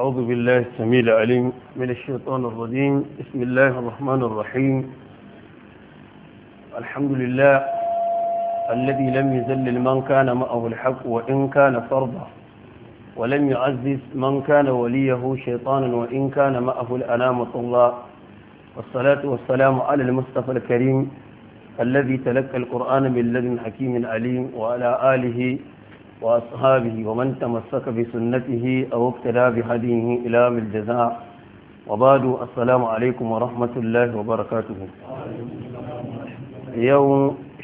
أعوذ بالله السميع العليم من الشيطان الرجيم بسم الله الرحمن الرحيم الحمد لله الذي لم يذلل من كان معه الحق وإن كان فرضا ولم يعزز من كان وليه شيطانا وإن كان معه الأنامة الله والصلاة والسلام على المصطفى الكريم الذي تلقى القرآن من لدن حكيم عليم وعلى آله وعلى آله وأصحابه ومن تمسك بسنته أو اقتدى بهديه إلى الجزاء وبعد السلام عليكم ورحمة الله وبركاته يوم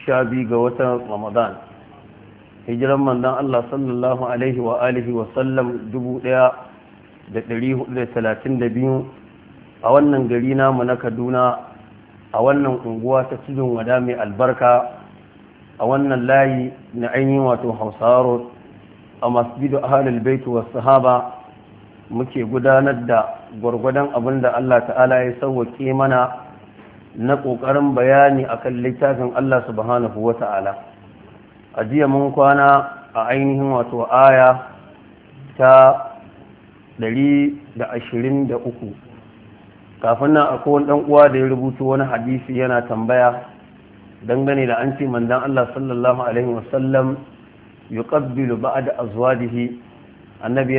شعبي قوة رمضان hijiran manzon Allah sallallahu alaihi wa alihi wa sallam 1432 a wannan gari namu na Kaduna a wannan unguwa ta cikin wada mai albarka a wannan layi na ainihin wato hausaro a masjidu ahalul baitu was sahaba muke gudanar da gwargwadon abin da Allah ta'ala ya sauwake mana na ƙoƙarin bayani a akan littafin Allah subhanahu wa ta'ala a jiya mun kwana a ainihin wato aya ta ashirin 123 kafin nan akwai wani ɗan uwa da ya rubuta wani hadisi yana tambaya dangane da an ce manzon Allah sallallahu alaihi wasallam yuqabbilu da azwajihi annabi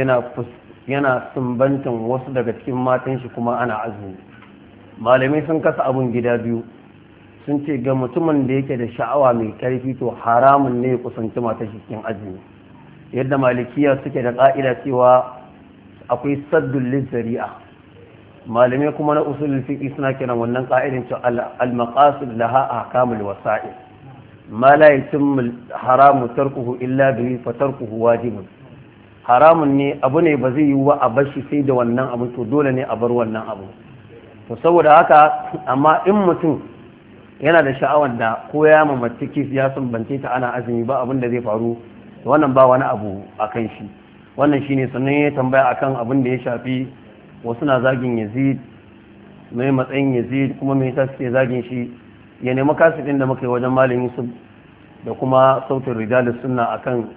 yana sumbantan wasu daga cikin matan shi kuma ana azumi malamai sun kasa abun gida biyu sun ce ga mutumin da yake da sha'awa mai ƙarfi, to haramun ne ya kusanci matar shi cikin azumi yadda malikiya suke da ƙa'ida cewa akwai saddun malamai kuma na usulul fiqh suna kiran wannan qa'idin cewa al-maqasid laha ahkamul wasa'il ma la yatimmu haramu tarkuhu illa bihi fa tarkuhu wajibun haramun ne abu ne ba zai yi wa a bashi sai da wannan abu to dole ne a bar wannan abu to saboda haka amma in mutum yana da sha'awar da ko ya mamaci kif ya sumbance ta ana azumi ba abin da zai faru wannan ba wani abu akan shi wannan shine sannan ya tambaya akan abin da ya shafi wasu na zagin yazid mai matsayin yazid kuma mai ta suke zagin shi ya nemi kasifin da muka yi wajen malin yusuf da kuma sautin rijalis sunna akan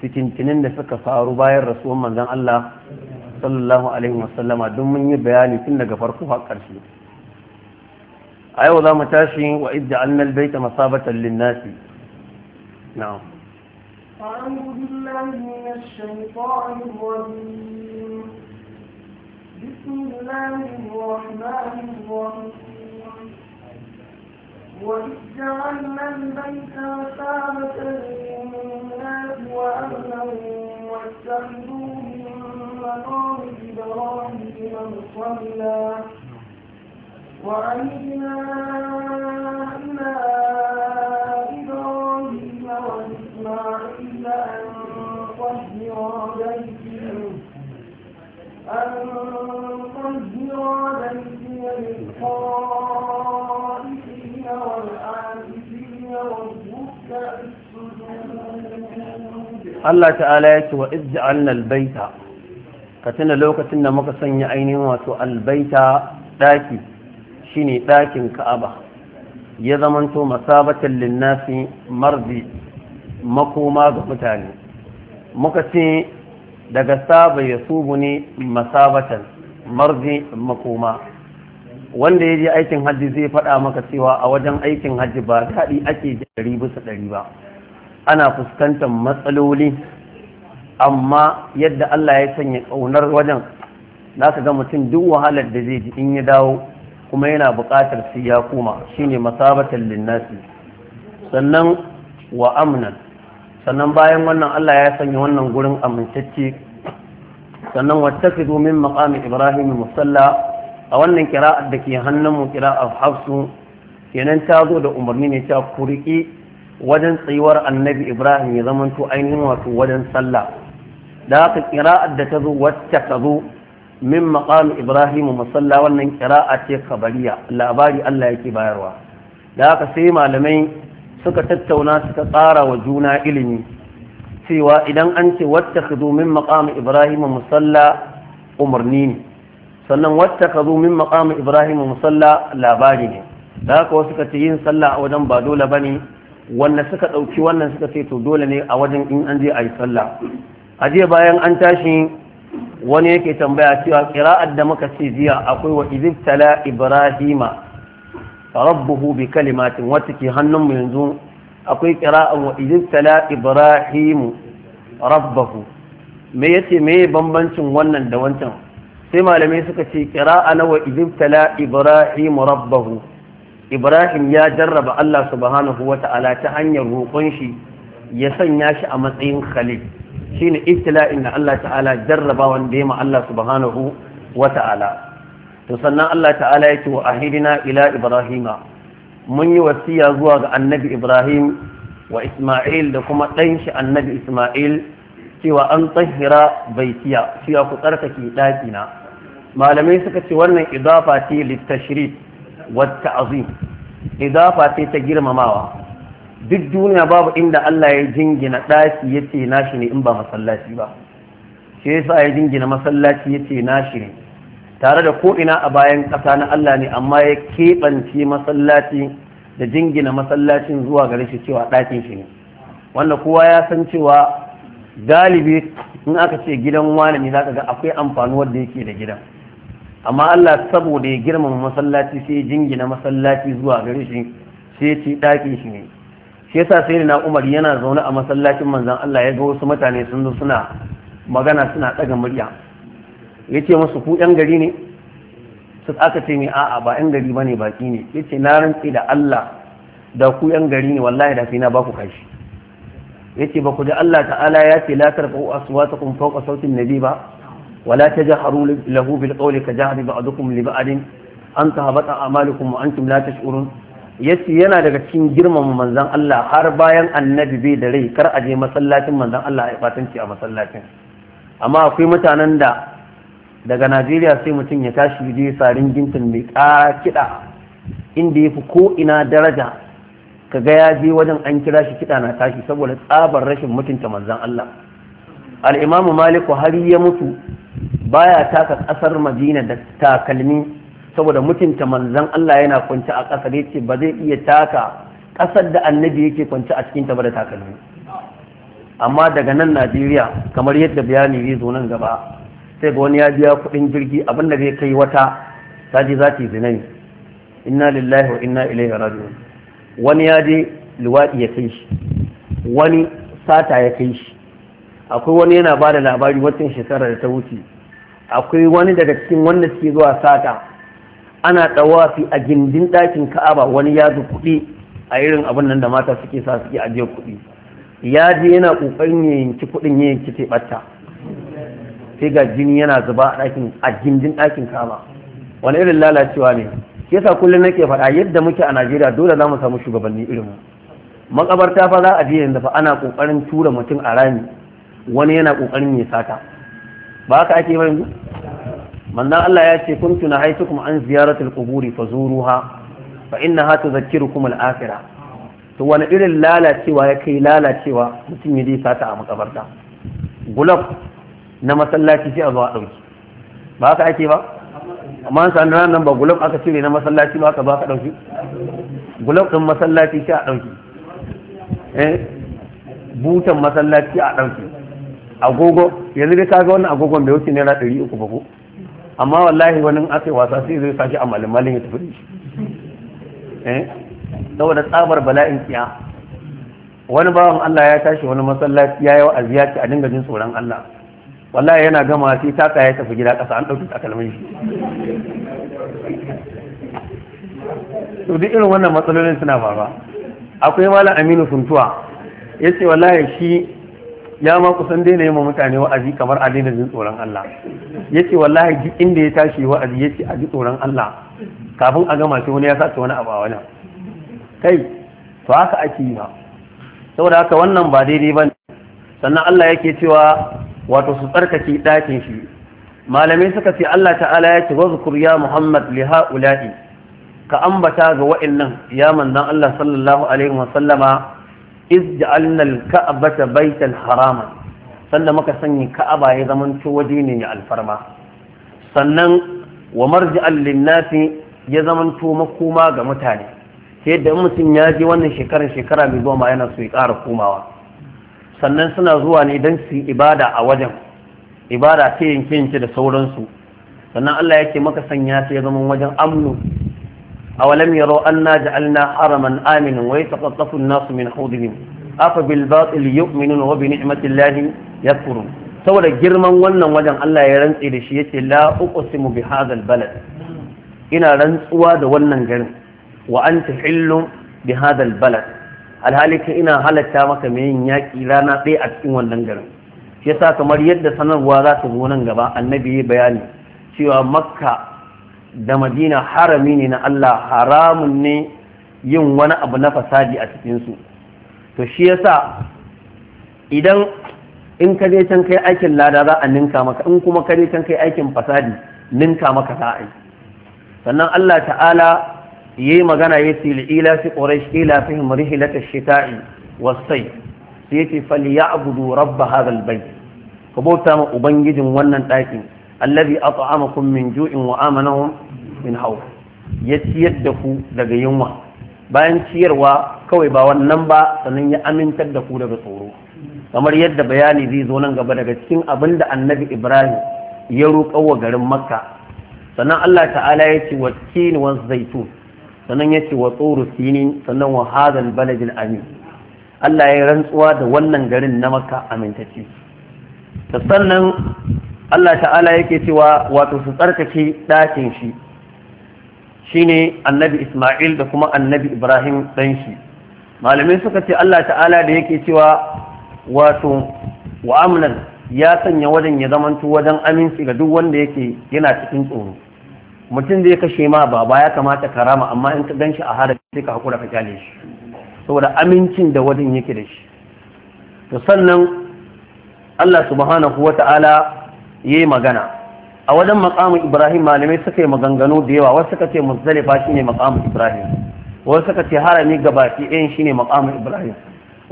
fitintinin da suka faru bayan rasuwan manzon Allah sallallahu alaihi wasallama don mun yi bayani tun daga farko har ƙarshe a yau za mu tashi wa idda annal baita masabatan linnasi na'am أعوذ بالله من الشيطان الرجيم بسم الله الرحمن الرحيم وإذ البيت مثابة للناس وأمنا واتخذوا من إبراهيم مصلى وعيدنا إلى إبراهيم وإسماعيل أن طهر بيتي أن طهر بيتي للخائفين والعاكفين والركع السجود الله تعالى يتوى وإذ جعلنا البيت ka tuna lokacin da muka sanya ainihin wato albaita ɗaki shine ɗakin ka'aba ya zamanto masabatan linnasi marzi makoma ga mutane muka ce daga saba ya subu ne masabatan marzi makoma wanda ya je aikin hajji zai faɗa maka cewa a wajen aikin hajji ba daɗi ake ɗari bisa ɗari ba ana fuskantar matsaloli amma yadda Allah ya sanya ƙaunar wajen naka ka ga mutum duk wahalar da zai ji in ya dawo kuma yana buƙatar su ya koma shine masabatan linnasi sannan wa amnan sannan bayan wannan Allah ya sanya wannan gurin amintacce sannan wattakidu min maqami ibrahim musalla a wannan kira'ar da ke hannun mu a hafsu kenan ta zo da umarni ne ta kuriki wajen tsayuwar annabi ibrahim ya zamanto ainihin wato wajen sallah da haka kira'ar da ta zo wacce ka zo min makamin ibrahim musalla wannan kira'a ce kabariya labari Allah yake bayarwa da haka sai malamai suka tattauna suka tsara wa juna ilimi cewa idan an ce wata min maqami ibrahim musalla umarni ne sannan wata min maqami ibrahim musalla labari ne da haka wasu ka ce yin sallah a wajen ba dole ne wanda suka ɗauki wannan suka ce to dole ne a wajen in an je a yi sallah a jiya bayan an tashi wani yake tambaya cewa kira'ar da muka ce jiya akwai wa izibtala ibrahima rabbuhu bi kalimatin wata ke hannun yanzu akwai qira'an wa idtala ibrahimu rabbahu me yace me bambancin wannan da wancan sai malamai suka ce qira'a na wa idtala ibrahimu rabbahu ibrahim ya jarraba Allah subhanahu ala ta hanyar roƙon shi ya sanya shi a matsayin khalil shine ibtila'in da Allah ta'ala jarraba wanda ya ma Allah subhanahu wata'ala to sannan Allah ta'ala ya ce wa ahirina ila ibrahima mun yi wasiya zuwa ga annabi ibrahim wa isma'il da kuma ɗan shi annabi isma'il cewa an tsahira baitiya cewa ku tsarkake ɗakina malamai suka ce wannan idafa ce littashrid wata azim idafa ce ta girmamawa duk duniya babu inda Allah ya jingina ɗaki ya ce nashi ne in ba masallaci ba shi yasa ya jingina masallaci ya ce nashi ne tare da ko'ina a bayan ƙasa na Allah ne amma ya keɓance masallaci da jingina masallacin zuwa gare shi cewa ɗakin shi ne wanda kowa ya san cewa galibi in aka ce gidan wani ne zaka ga akwai amfani wanda yake da gidan amma Allah saboda ya girmama masallaci sai ya jingina masallaci zuwa gare shi sai ya ce ɗakin shi ne shi yasa sai na Umar yana zaune a masallacin manzon Allah ya ga wasu mutane sun zo suna magana suna ɗaga murya ya ce masu ku yan gari ne su aka ce mai a'a ba yan gari ba ne baki ne ya ce na rantse da Allah da ku yan gari ne wallahi da na ba ku kashi ya ce ba ku ji Allah ta'ala ya ce la tarfa'u aswatakum fawqa sautin nabi ba ولا تجهروا له بالقول كجهر بعضكم لبعض an ta habata amalukum wa antum la tash'urun yace yana daga cikin girmama manzan Allah har bayan annabi bai da rai kar a je masallacin manzan Allah ya batanci a masallacin amma akwai mutanen da daga najeriya sai mutum ya tashi je sarin gintin mai ƙara kiɗa inda ya fi ko'ina daraja ka ga ya je wajen an kira shi kiɗa na tashi saboda tsabar rashin mutunta manzan Allah al'imamu maliku har ya mutu baya taka ƙasar madina da takalmi saboda mutunta manzan Allah yana kwanci a ƙasar ba zai iya taka ƙasar da annabi yake kwanci a cikin ta ba da takalmi amma daga nan najeriya kamar yadda bayani zai zo nan gaba sai ga wani ya biya kuɗin jirgi abin da zai kai wata ta ji za ta yi zinani inna lillahi wa inna ilaihi raji'un wani ya je luwaɗi ya kai shi wani sata ya kai shi akwai wani yana ba da labari watan shekarar da ta wuce akwai wani daga cikin wanda suke zuwa sata ana ɗawafi a gindin ɗakin ka'aba wani ya zu kuɗi a irin abin nan da mata suke sa suke ajiyar kuɗi ya je yana ƙoƙarin ya yanki kuɗin ya yanki teɓata sai ga jini yana zuba a ɗakin a gindin ɗakin kaba wani irin lalacewa ne yasa kullum nake faɗa yadda muke a najeriya dole za mu samu shugabanni irin mu makabarta fa za a je yanzu fa ana kokarin tura mutum a rami wani yana kokarin ya sata ba haka ake ba yanzu manzon Allah ya ce kuntu na haitukum an ziyaratul quburi fazuruha fa innaha tudhakkirukum al-akhirah to wani irin lalacewa ya kai lalacewa mutum ya je sata a makabarta gulab na masallaci sai a zuwa ɗauki ba haka ake ba amma an sami ranar ba gulab aka cire na masallaci ba haka ba ka ɗauki gulab ɗin masallaci sai a ɗauki eh? butan masallaci a ɗauki agogo yanzu dai kaga wannan agogon bai wuce naira ɗari uku ba ko amma wallahi wani aka yi wasa sai zai sashi a malin ya tafi da shi eh? saboda tsabar bala'in kiya wani bawan Allah ya tashi wani masallaci ya yi wa'azi ya ce a dinga jin tsoron Allah wallahi yana gama sai ta tsaya tafi gida ƙasa an ɗauki takalmin shi to duk irin wannan matsalolin suna faruwa akwai malam aminu funtuwa ya ce wallahi shi ya ma kusan daina yi ma mutane wa'azi kamar a daina jin tsoron Allah ya ce wallahi duk inda ya tashi wa'azi ya ce a ji tsoron Allah kafin a gama shi wani ya sace wani abu a wani kai to haka ake yi ba saboda haka wannan ba daidai ba sannan Allah yake cewa wato su tsarkake ɗakin shi malamai suka ce Allah ta'ala ya ce wazkur ya Muhammad li ha'ula'i ka ambata ga wa'annan ya manzon Allah sallallahu alaihi wa sallama iz ja'alna al-ka'bata baytan harama, sannan muka sanya ka'aba ya zamanto waje ne mai alfarma sannan wa marji'al lin-nasi ya zamanto makoma ga mutane sai da mutum ya ji wannan shekarar shekara mai goma yana so ya ƙara komawa sannan suna zuwa ne don su ibada a wajen ibada ta yin yanke da sauransu sannan Allah yake maka sanya ta ya zama wajen amnu a walam yaro anna ja'alna haraman aminin wai ta an-nasu min hawdihim afa bil batil yu'minuna wa bi ya yakfurun saboda girman wannan wajen Allah ya rantse da shi yace la uqsimu bi hadha balad ina rantsuwa da wannan garin wa anta hillu bi hadha balad alhali ka ina halatta maka mai yin yaƙi rana ɗaya a cikin wannan garin shi yasa kamar yadda sanarwa za ta nan gaba annabi ya bayani cewa makka da madina harami ne na Allah haramun ne yin wani abu na fasadi a cikinsu to shi yasa idan in ka je can kai aikin lada za a ninka maka in kuma ka je can kai aikin fasadi ninka maka za a yi sannan Allah ta'ala yayi magana yace ila fi quraish ila fihim rihlat ash-shita'i was-sayf sai yace ya rabb Rabba al bai. Ka bauta ma ubangijin wannan ɗakin allazi at'amakum min ju'in wa amanahum min hawf ya ciyar da ku daga yunwa bayan ciyarwa kawai ba wannan ba sannan ya amintar da ku daga tsoro kamar yadda bayani zai zo nan gaba daga cikin abin da annabi ibrahim ya roƙa wa garin makka sannan allah ta'ala ya ce wa kini zaitun sannan ya ce wa tsoro sinin sannan wa hadan baladin amin Allah ya rantsuwa da wannan garin na maka amintacci Ta sannan Allah ta'ala yake cewa wato su tsarkake ɗakin shi shi ne annabi Ismail da kuma annabi Ibrahim ɗan shi malamai suka ce Allah ta'ala da yake cewa wato wa amnan ya sanya wajen ya zamanto wajen aminci ga duk wanda yake yana cikin tsoro mutum zai kashe ma baba ya kamata ka rama amma in ka ganshi a harafi sai ka hakura ka kyale shi saboda amincin da wajen yake da shi to sannan Allah subhanahu wata'ala yayi magana a wajen maƙamun Ibrahim malamai suka yi maganganu da yawa wasu suka ce muzdalifa shine maƙamun Ibrahim wasu suka ce harami gabaki ɗayan shine maƙamun Ibrahim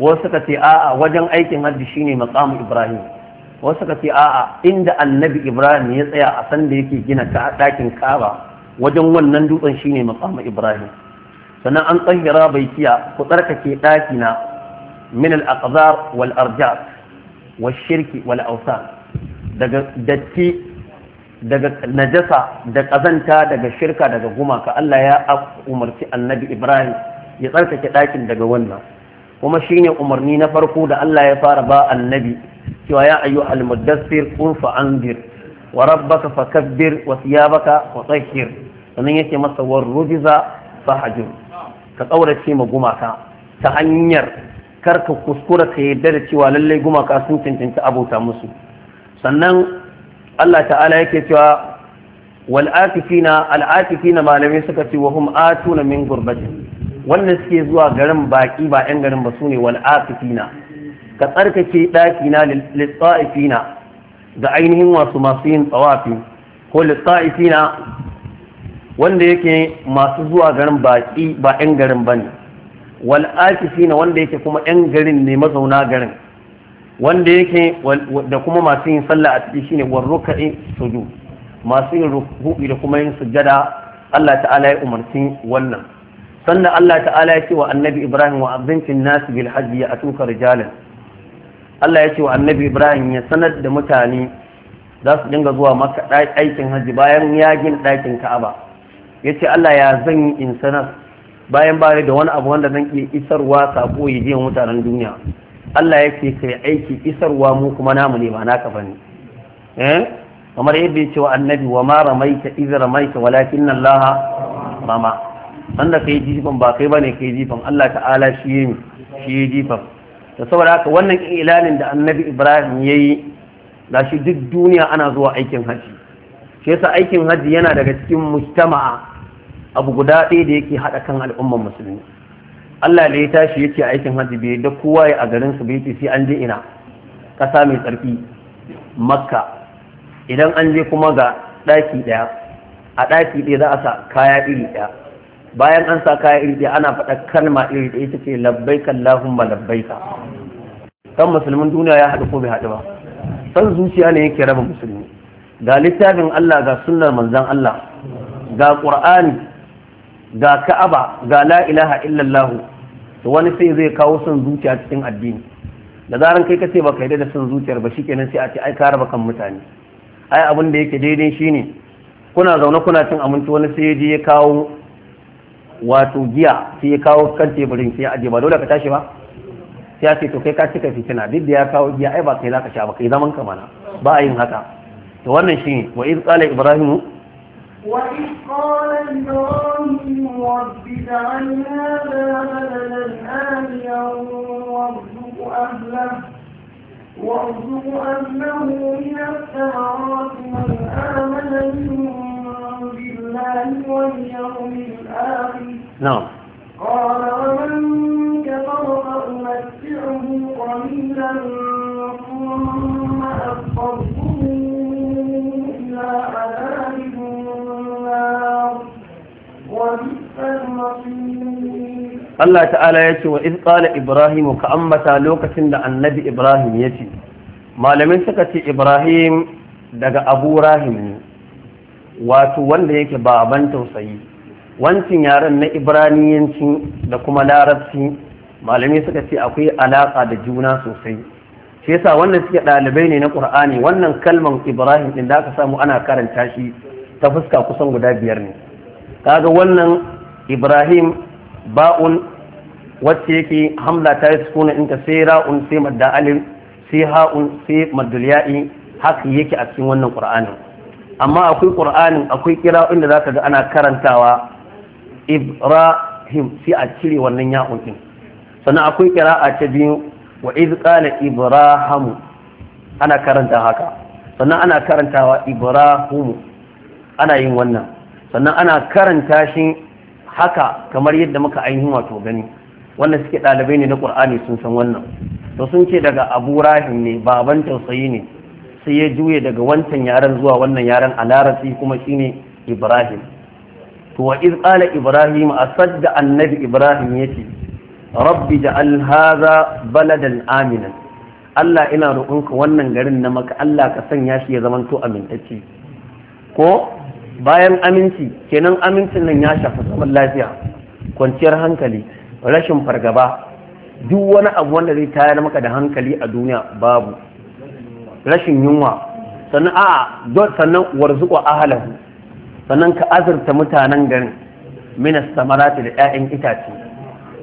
wasu suka ce a'a wajen aikin hajji shine maƙamun Ibrahim wasu ka ce a'a inda annabi ibrahim ya tsaya a sanda yake gina ta ɗakin kaba wajen wannan dutsen shine maqama ibrahim sannan an tsahira baikiya ku tsarkake ɗakina min al-aqdar wal arjat wal shirki wal awsan daga datti daga najasa da kazanta daga shirka daga gumaka Allah ya umarci annabi Ibrahim ya tsarkake ɗakin daga wannan kuma shine umarni na farko da Allah ya fara ba annabi cewa ya ayyu almudassir kun qul fa anzir wa rabbaka fakabbir wa thiyabaka fatahhir sannan yake masa war rujiza fahjur ka kaurace ma gumaka ta hanyar karka kuskura ka yadda da cewa lallai gumaka sun cancanci abota musu sannan Allah ta'ala yake cewa wal atifina al atifina malamai suka ce wa hum atuna min gurbatin wannan suke zuwa garin baƙi ba 'yan garin ba sune ne na. ka tsarkake ɗakina litsa'ifina ga ainihin wasu masu yin tsawafi ko litsa'ifina wanda yake masu zuwa garin baƙi ba 'yan garin ba ne wal'akifina wanda yake kuma 'yan garin ne mazauna garin wanda yake da kuma masu yin sallah a ciki shine warruka'i sujud masu yin ruku'i da kuma yin sujada, Allah ta'ala ya umarci wannan sannan Allah ta'ala ya ce wa annabi Ibrahim wa abdincin nasu bil hajji ya atuka rijalan Allah ya ce wa annabi Ibrahim ya sanar da mutane za su dinga zuwa maka aikin hajji bayan ya gina ɗakin Ka'aba ya ce Allah ya zan yi in sanar bayan ba da wani abu wanda zan iya isarwa sako ya je mutanen duniya Allah ya ce kai aiki isarwa mu kuma namu ne ba naka bane eh kamar yadda ya ce wa annabi wa ma ramaita iz ramaita walakin Allah rama sanda kai jifan ba kai bane kai jifan Allah ta'ala shi yi shi jifan da saboda haka wannan ilanin da annabi ibrahim ya yi shi duk duniya ana zuwa aikin haji shi yasa aikin haji yana daga cikin mujtama'a abu guda ɗaya da yake haɗa kan al'ummar musulmi Allah da ya tashi ya ce aikin haji bai da kowa ya a garin su bai sai an je ina ƙasa mai tsarki makka idan an je kuma ga ɗaki ɗaya a ɗaki ɗaya za a sa kaya iri ɗaya bayan an sa kayan iri ana faɗa kalma iri ɗaya ita ce labbaika Allahumma ka kan musulmin duniya ya haɗu ko bai haɗu ba san zuciya ne yake raba musulmi ga littafin Allah ga sunnar manzon Allah ga ƙur'ani, ga Ka'aba ga la ilaha da wani sai zai kawo son zuciya cikin addini da zaran kai kace baka yi da son zuciyar ba shikenan sai a ce ai ka raba kan mutane ai abin da yake daidai shine kuna zaune kuna cin abinci wani sai ya je ya kawo wato giya sai ya kawo kan teburin sai ya aje ba dole ka tashi ba sai ya ce to kai ka cika fitina duk da ya kawo giya ai ba kai zaka sha ba kai zaman ka mana ba a yin haka to wannan shi ne wa idh qala ibrahimu wa idh qala ibrahimu rabbi ja'al hadha baladan amiyan warzuq ahlahu وارزق أهله من الثمرات من آمن بالله واليوم الآخر نعم. قال ومن كفر فأمتعه قليلا ثم أفضله إلى عذاب النار وبئس المصير الله تعالى يأتي وإذ قال إبراهيم كأمة لوكة النبي إبراهيم يأتي ما suka ce ibrahim daga abu rahim wato wanda yake baban tausayi wancin yaren na ibraniyanci da kuma larabci malami suka ce akwai alaka da juna sosai shi yasa wannan suke ɗalibai ne na ƙur'ani wannan kalman ibrahim ɗin da aka samu ana karanta shi ta fuska kusan guda biyar ne kaga wannan ibrahim ba'un wacce yake hamla ta yi sukuna inta sai ra'un sai madda'alin, sai ha'un sai maddul haka yake a cikin wannan ƙur'anin amma akwai ƙur'anin akwai kira inda da ka ga ana karantawa ibrahim sai a cire wannan ya'un sannan akwai a ta biyu wa iz qala ibrahim ana karanta haka sannan ana karantawa ibrahim ana yin wannan sannan ana karanta shi haka kamar yadda muka ainihin wato gani wannan suke ɗalibai ne na ƙur'ani sun san wannan to sun ce daga abu rahim ne baban tausayi ne sai ya juye daga wancan yaren zuwa wannan yaren a larabci kuma shine ibrahim to wa iz qala ibrahim asad da annabi ibrahim yace rabbi ja'al hadha baladan aminan Allah ina roƙonka wannan garin na maka Allah ka sanya shi ya zamanto amintacce ko bayan aminci kenan amincin nan ya shafa zaman lafiya kwanciyar hankali rashin fargaba duk wani abu wanda zai tayar maka da hankali a duniya babu rashin yunwa sannan a sannan warzuwa ahalahu sannan ka azurta mutanen garin minas samarati da 'ya'yan itace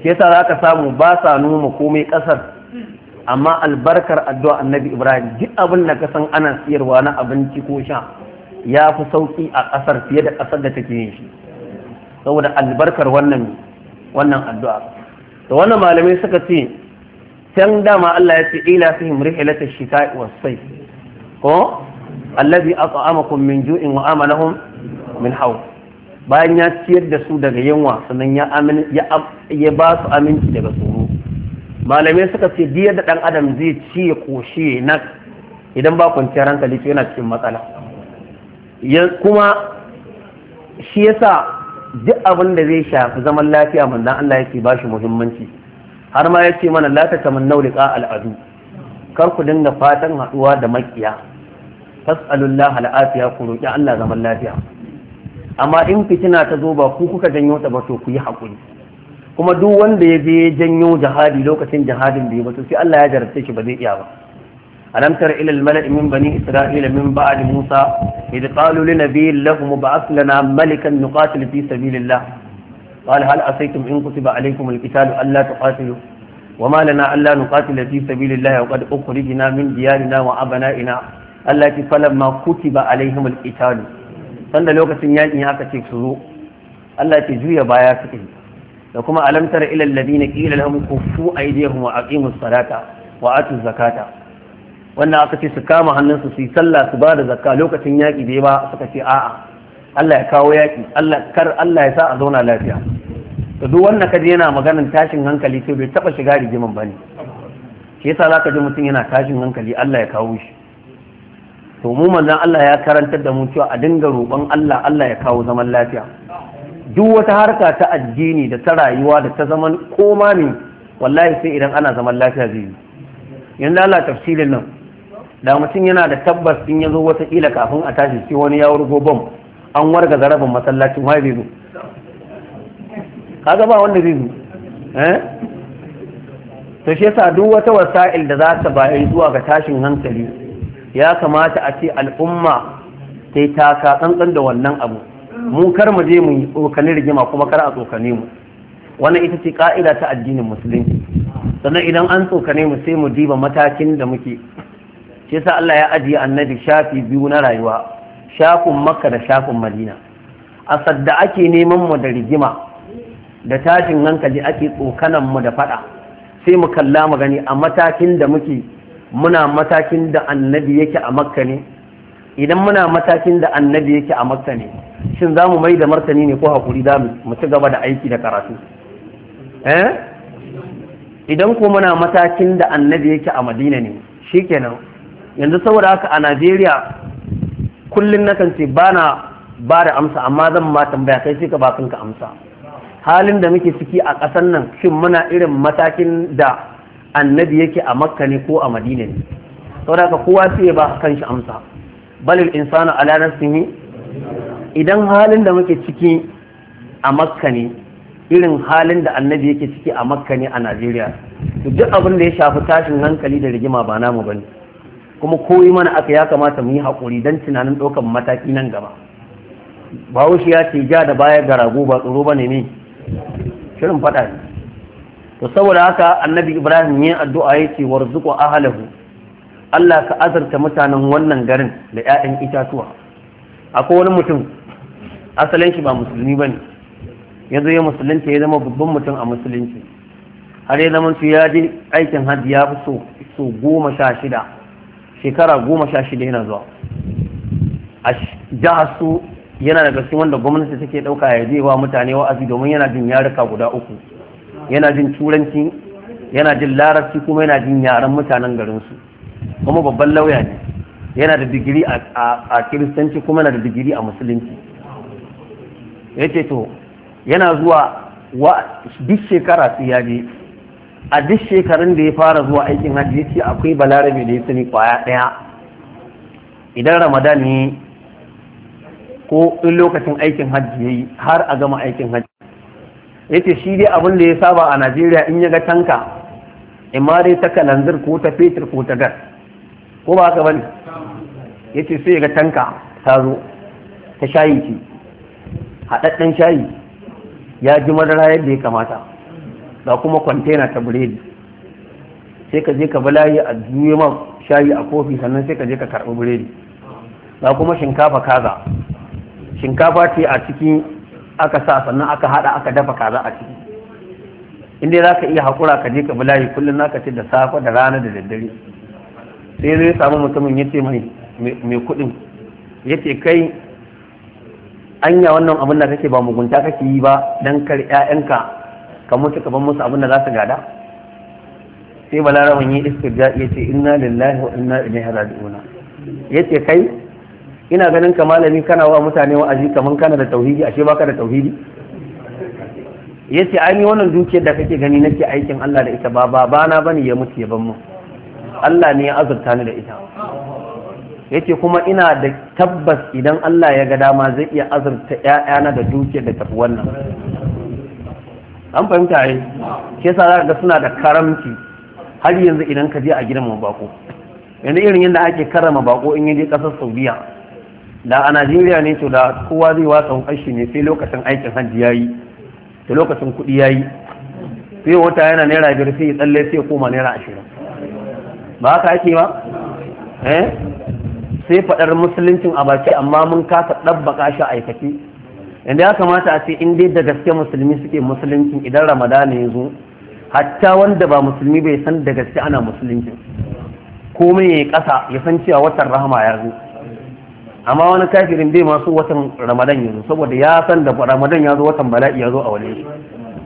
shi yasa za ka samu ba sa noma komai ƙasar amma albarkar addu'a annabi ibrahim duk abin da ka san ana siyarwa na abinci ko sha ya fi sauƙi a ƙasar fiye da ƙasar da take yin shi saboda albarkar wannan wannan addu'a da wannan malamai suka ce can dama Allah ya ce ila fihim rihlata shita'i was wasai ko allazi at'amakum min ju'in wa amalahun min hau, bayan ya ciyar da su daga yunwa sannan ya ya ba su aminci daga tsoro malamai suka ce biyar da dan adam zai ci ya koshe na idan ba kwanciyar hankali to yana cikin matsala kuma shi yasa duk abin da zai shafi zaman lafiya manzon Allah yake ba shi muhimmanci har ma ce mana la ta tamannau liqa al'adu kar ku dinga fatan haduwa da makiya fas'alullah al'afiya ku roki Allah zaman lafiya amma in fitina ta zo ba ku kuka janyo ta ba to ku yi hakuri kuma duk wanda ya je janyo jihadi lokacin jihadin bai ba to sai Allah ya jarabce shi ba zai iya ba ألم تر إلى الملأ من بني إسرائيل من بعد موسى إذ قالوا لنبي له مبعث لنا ملكا malikan في سبيل الله قال هل أسيتم إن كتب عليكم القتال ألا تقاتلوا وما لنا ألا نقاتل في سبيل الله وقد أخرجنا من ديارنا وأبنائنا التي فلما كتب عليهم القتال sanda lokacin yakin ya ce su zo Allah ke juya baya suke da kuma alamtar ila alladhina qila lahum kuffu aydihim wa aqimus salata wa atu zakata wannan aka ce su kama hannunsu su yi sallah su ba da zakka lokacin yaki bai ba suka ce a'a Allah ya kawo yaƙi Allah kar Allah ya sa a zauna lafiya to duk wannan kaje yana maganin tashin hankali sai bai taba shiga rigiman bane shi yasa zaka ji mutum yana tashin hankali Allah ya kawo shi to mu manzon Allah ya karantar da mu cewa a dinga roƙon Allah Allah ya kawo zaman lafiya duk wata harka ta addini da ta rayuwa da ta zaman koma ne wallahi sai idan ana zaman lafiya zai yi yanzu Allah tafsirin nan da mutum yana da tabbas in ya zo wata kila kafin a tashi sai wani ya wurgo bom an warga zarafin masallacin wa zai zo kaga ba wanda zai zo eh to shi yasa duk wata wasa'il da za ta bayar zuwa ga tashin hankali ya kamata a ce al'umma ta yi taka tsantsan da wannan abu mu kar mu je mu tsokani rigima kuma kar a tsokane mu wannan ita ce ka'ida ta addinin musulunci sannan idan an tsokane mu sai mu diba matakin da muke shi yasa Allah ya ajiye annabi shafi biyu na rayuwa shafin makka da shafin madina a sadda ake neman mu da rigima da tashin hankali ake tsokanan mu da fada sai mu kalla mu gani a matakin da muke muna matakin da annabi yake a makka ne idan muna matakin da annabi yake a makka ne shin za mu mai da martani ne ko hakuri za mu ci gaba da aiki da karatu eh idan ko muna matakin da annabi yake a madina ne shikenan yanzu saboda haka a najeriya kullum nakan ce ba na ba da amsa amma zan ma tambaya kai sai ka ba kanka amsa halin da muke ciki a ƙasar nan shin muna irin matakin da annabi yake a makka ne ko a madina ne saboda ka kowa sai ba shi amsa balil insanu ala nafsihi idan halin da muke ciki a makka ne irin halin da annabi yake ciki a makka ne a najeriya duk abin da ya shafi tashin hankali da rigima ba namu bane kuma koyi mana aka ya kamata mu yi haƙuri don tunanin ɗaukar mataki nan gaba bahaushe ya ce ja da baya ga rago ba tsoro ba ne ne shirin faɗa ne to saboda haka annabi ibrahim yin addu'a ya ce warzuqu ahalahu Allah ka azarta mutanen wannan garin da 'ya'yan itatuwa akwai wani mutum asalin shi ba musulmi ba ne. ya zo ya zama babban mutum a musulunci har ya zama ya je aikin hajji ya fi so goma sha shida shekara goma sha shida yana zuwa a jihar su yana daga cikin wanda gwamnati take ɗauka ya zai wa mutane wa'azi domin yana jin yarika guda uku yana jin turanci yana jin larabci kuma yana jin yaren mutanen garin kuma babban lauya ne yana da digiri a kiristanci kuma yana da digiri a musulunci yace to yana zuwa duk shekara su ya je a duk shekarun da ya fara zuwa aikin hajji ya ce akwai balarabe da ya sani kwaya ɗaya idan ramadan ne ko in lokacin aikin hajji ya yi har a gama aikin hajji ya ce shi dai abin da ya saba a najeriya in ya ga tanka dai ta kalanzir ko ta fetur ko ta gas ko ba haka bane ya ce sai ya ga tanka ta zo ta shayi ce haɗaɗɗen shayi ya ji madara yadda ya kamata ga kuma kwantena ta biredi sai ka je ka balaye a juye ma shayi a kofi sannan sai ka je ka karɓi biredi ga kuma shinkafa kaza shinkafa ce a ciki aka sa sannan aka hada aka dafa kaza a ciki inda za ka iya haƙura ka je ka balaye kullum ka ce da safa da rana da daddare sai zai samu mutumin ya ce mai mai kuɗin ya ce kai anya wannan abin da kake ba mugunta kake yi ba don kar 'ya'yanka ka mutu ka ban musu abin da za su gada sai balaraban yi istirja ya ce ina lillahi wa inna ilaihi raji'una ya ce kai ina ganin ka malami kana wa mutane wa'azi kamar kana da tauhidi ashe baka da tauhidi ya ce ai wannan dukiyar da kake gani nake aikin Allah da ita ba ba na bane ya mutu ya ban mu Allah ne ya azurta ni da ita Ya ce, kuma ina da tabbas idan Allah ya ga dama zai iya azurta ƴaƴana da dukiyar da tafi wannan an fahimta yi ke sa za ga suna da karamci har yanzu idan ka je a girma bako yanzu irin yadda ake karama bako in yaje kasar saudiya da a najeriya ne to da kowa zai wasa hukashi ne sai lokacin aikin hajji yayi da lokacin kuɗi yayi sai wata yana naira biyar sai ya tsalle sai ya koma naira ashirin ba haka ake ba eh sai faɗar musuluncin a baki amma mun kasa ɗabbaka shi aikace inda ya kamata a ce in dai da gaske musulmi suke musulunci idan ramadana ya zo hatta wanda ba musulmi bai san da gaske ana musulunci mai ya kasa ya san cewa watan rahama ya zo amma wani kafirin bai masu watan ramadan ya zo saboda ya san da ramadan ya zo watan bala'i ya zo a wani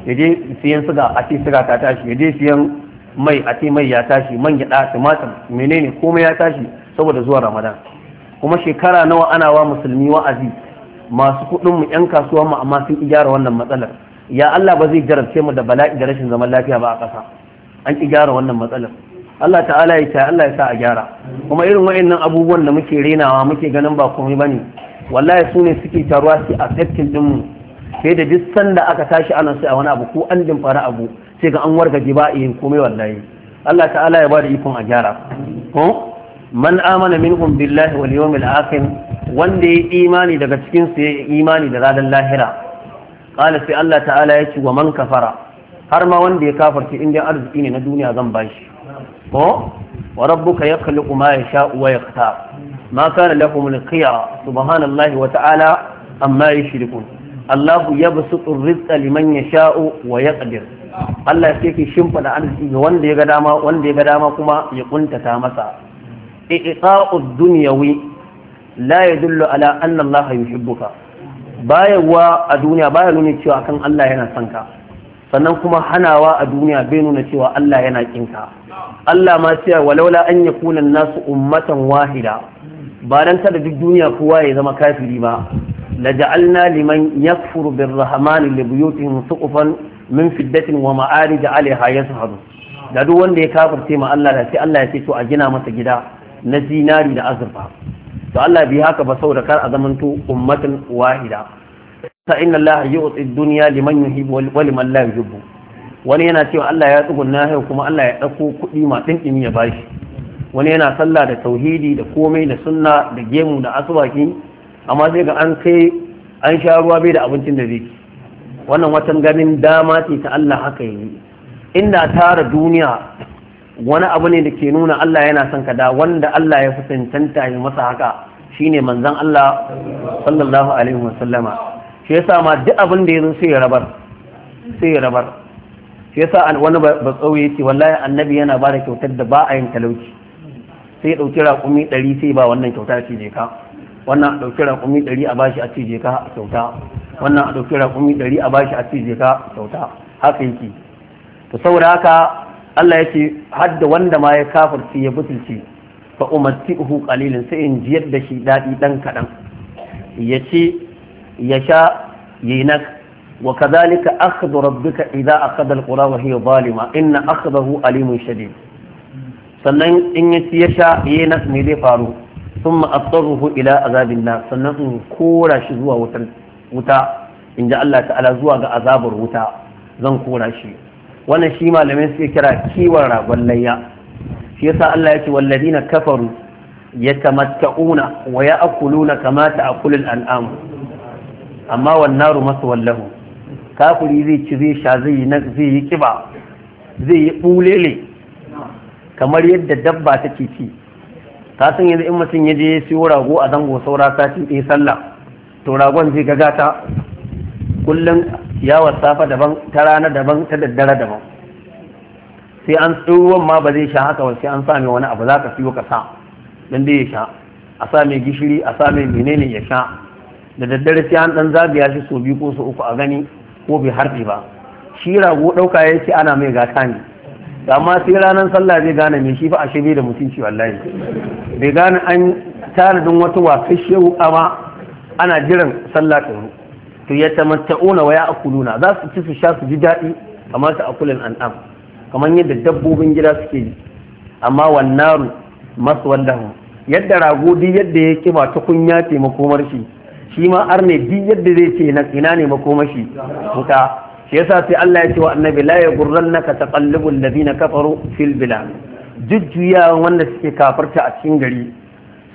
ya je siyan suga a ce suga ta tashi ya je siyan mai a ce mai ya tashi man gyaɗa tumatir menene komai ya tashi saboda zuwa ramadan kuma shekara nawa ana wa musulmi wa'azi masu kuɗin mu yan kasuwa mu amma sun gyara wannan matsalar ya Allah ba zai jarabce mu da bala'i da rashin zaman lafiya ba a ƙasa an ki gyara wannan matsalar Allah ta'ala ya Allah ya sa a gyara kuma irin wayannan abubuwan da muke renawa muke ganin ba komai bane wallahi su ne suke taruwa su a affecting din mu sai da duk sanda aka tashi ana sai a wani abu ko an din fara abu sai ga an wargaje ba yin komai wallahi Allah ta'ala ya ba da ikon a gyara ko man amana minhum billahi wal yawmil akhir wanda ya imani daga cikin su ya imani da ranar lahira qala sai Allah ta'ala ya ci wa man kafara har ma wanda ya kafarci in dai arziki ne na duniya zan bashi ko wa rabbuka yakhluqu ma yasha'u wa yaktab ma kana lahum al-khiyara subhanallahi wa ta'ala amma yushrikun Allah yabsutu ar-rizqa liman yasha'u wa yaqdir Allah yake shimfida arziki ga wanda ya ga dama ya ga dama kuma ya kuntata masa iqta'ud dunyawi la yadullu ala anna Allah yuhibbuka bayarwa a duniya baya nuna cewa akan Allah yana son ka sannan kuma hanawa a duniya bai nuna cewa Allah yana kinka Allah ma cewa walaula an yakuna nasu ummatan wahida ba dan da duk duniya kowa ya zama kafiri ba laja'alna liman yakfuru birrahmani li buyutihim suqufan min fiddatin wa ma'arij 'alayha yashhadu da duk wanda ya kafirce ma Allah da sai Allah ya ce to a gina masa gida na zinari da azurfa to Allah bi haka ba saboda kar a zamanto ummatin wahida Ta inna Allah yu'ti ad-dunya liman yuhibbu wa liman la yuhibbu wani yana cewa Allah ya tsugunna hayo kuma Allah ya dauko kuɗi ma dinkimi ya bashi wani yana sallah da tauhidi da komai da sunna da gemu da aswaki amma sai ga an kai an sha ruwa bai da abincin da zai wannan watan ganin dama ce ta Allah haka yi inda tara duniya wani abu ne da ke nuna Allah yana son ka da wanda Allah ya fi cancanta yi masa haka shine manzon Allah sallallahu alaihi wasallama shi yasa ma duk abin da yazo sai ya rabar sai ya rabar shi yasa wani ba ya yace wallahi annabi yana ba da kyautar da ba a yin talauci sai dauki raƙumi 100 sai ba wannan kyauta ce je ka wannan a dauki raƙumi 100 a bashi a ce je ka kyauta wannan a dauki raƙumi 100 a bashi a ce je ka kyauta haka yake to saboda haka Allah ya ce hadda wanda ma ya kafarci ya butulce fa uhu kalilin sai in jiyar da shi dadi dan kadan ya ce ya sha yinak wa kazalika akhdhu rabbika idza akhadha alqura wa hiya zalima inna akhdahu alimun shadid sannan in ya ci ya sha yinak ne zai faru thumma asarruhu ila azabin nar sannan in kora shi zuwa wuta in ji Allah ta'ala zuwa ga azabar wuta zan kora shi wannan shi malamai suke kira kiwon ragon layya shi yasa Allah ya ce na kafaru yatamatta'una wa na kama ta'kulu al-an'am amma wan naru maswallahu kafiri zai ci zai sha zai yi kiba zai yi bulele kamar yadda dabba take ci ta san yanzu in mutum ya je ya siyo rago a zango saura sati ɗaya sallah to ragon zai gagata kullum yawon safa daban ta rana daban ta daddare daban sai an tsohon ma ba zai sha haka ba sai an sami wani abu za ka siyo ka sa don dai ya sha a sa gishiri a sa menene ya sha da daddare sai an dan zabiya shi so biyu ko so uku a gani ko bai harbi ba shi rago ɗauka ya ce ana mai gata ne amma sai ranar sallah zai gane mai shi fa a shebe da mutunci wallahi bai gane an tanadin wata wasu shehu ba ana jiran sallah ta su ya tamatta'una wa ya'kuluna za su ci su sha su ji daɗi kamar ta an am kamar yadda dabbobin gida suke yi amma masu wanda hu yadda rago di yadda ya kiba ta kunya ce makomar shi shi ma arne di yadda zai ce na ina ne makomar shi wuta shi yasa sai Allah ya ce wa annabi la yaghurrannaka taqallubul ladina kafaru fil bilad jujjuya wanda suke kafarta a cikin gari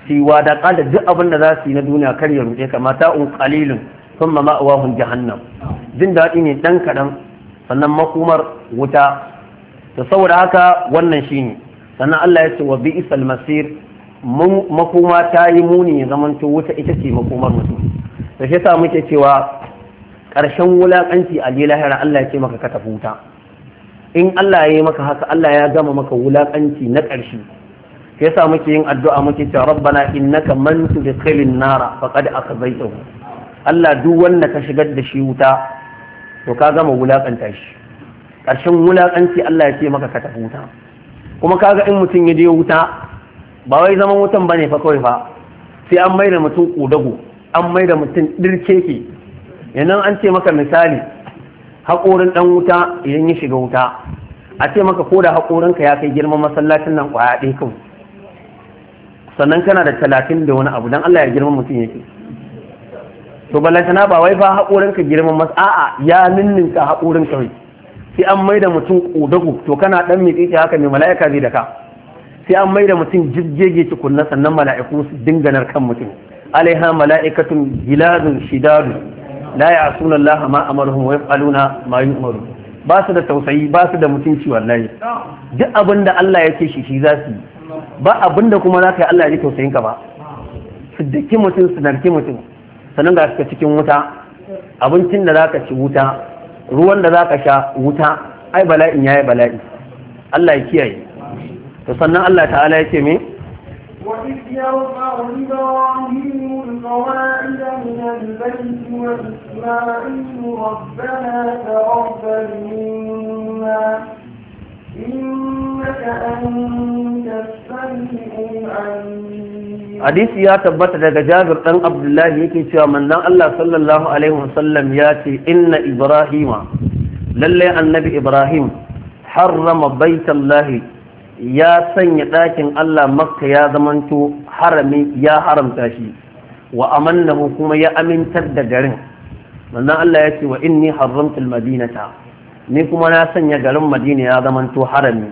siwa da kada duk abin da za su yi na duniya kar ya ruɗe kamata un qalilun thumma ma'awahum jahannam jin daɗi ne ɗan kaɗan sannan makomar wuta to saboda haka wannan shine sannan Allah ya ce wa bi'sal masir makoma ta yi muni ya zamanto wuta ita ce makomar mutum Da shi sa muke cewa ƙarshen wulaƙanci a lahira Allah ya ce maka ka tafi wuta in Allah ya yi maka haka Allah ya gama maka wulaƙanci na ƙarshe shi yasa muke yin addu'a muke cewa rabbana innaka man tudkhilin nara faqad akhzaytahu Allah duk wanda ka shigar da shi wuta to ka gama wulakanta shi ƙarshen wulakanci Allah ya ce maka ka tafi wuta kuma kaga in mutum ya je wuta ba wai zaman wutan bane fa kawai fa sai an maida mutum kodago an maida mutum dirkeke yanzu an ce maka misali haƙorin ɗan wuta idan ya shiga wuta a ce maka ko da haƙorinka ya kai girman masallacin nan ƙwaya ɗaya kawai sannan kana da talatin da wani abu don Allah ya girman mutum yake to ballantana ba wai ba ka girman masa a'a ya haƙorin ka wai sai an mai da mutum ƙodago to kana ɗan miƙiƙi haka mai mala'ika zai da ka sai an mai da mutum jirgege tukunna sannan mala'iku su dinganar kan mutum alaiha mala'ikatun gilazun shidadu la ya'suna Allah ma amaruhum wa yaf'aluna ma yu'maru ba su da tausayi ba su da mutunci wallahi duk abin da Allah ya ce shi shi za su yi ba abin da kuma za ka yi Allah ya ji tausayin ka ba su daki mutum su narki mutum sannan ga suka cikin wuta abincin da za ka ci wuta ruwan da za ka sha wuta ai bala'in ya yi bala'i Allah ya kiyaye to sannan Allah ta'ala yake me وإذ يرفع إبراهيم القواعد من البيت وإسماعيل ربنا تقبل منا hadisi ya tabbata daga jabir dan abdullahi yake cewa manzon Allah sallallahu alaihi wasallam ya ce inna ibrahima lalle annabi ibrahim harrama baitallahi ya sanya ɗakin Allah makka ya zamanto harami ya haramta shi wa amannahu kuma ya amintar da garin manzon Allah ya ce wa inni haramtul madinata ni kuma na sanya garin madina ya zamanto harami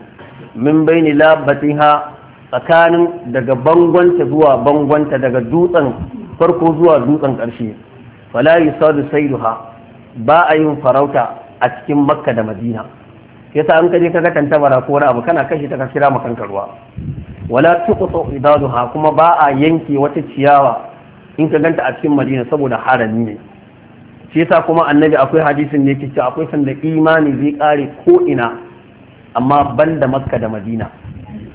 min baini labatiha tsakanin daga bangonta zuwa bangonta daga dutsen farko zuwa dutsen ƙarshe wala Sai saiduha ba a yin farauta a cikin makka da madina yasa an kaje kaga tantabara ko wani abu kana kashi ta kira makan ruwa wala tuqtu idaduha kuma ba a yanke wata ciyawa in ka ganta a cikin madina saboda harami ne shi yasa kuma annabi akwai hadisin ne yake akwai sanda imani zai kare ko ina amma ban da makka da madina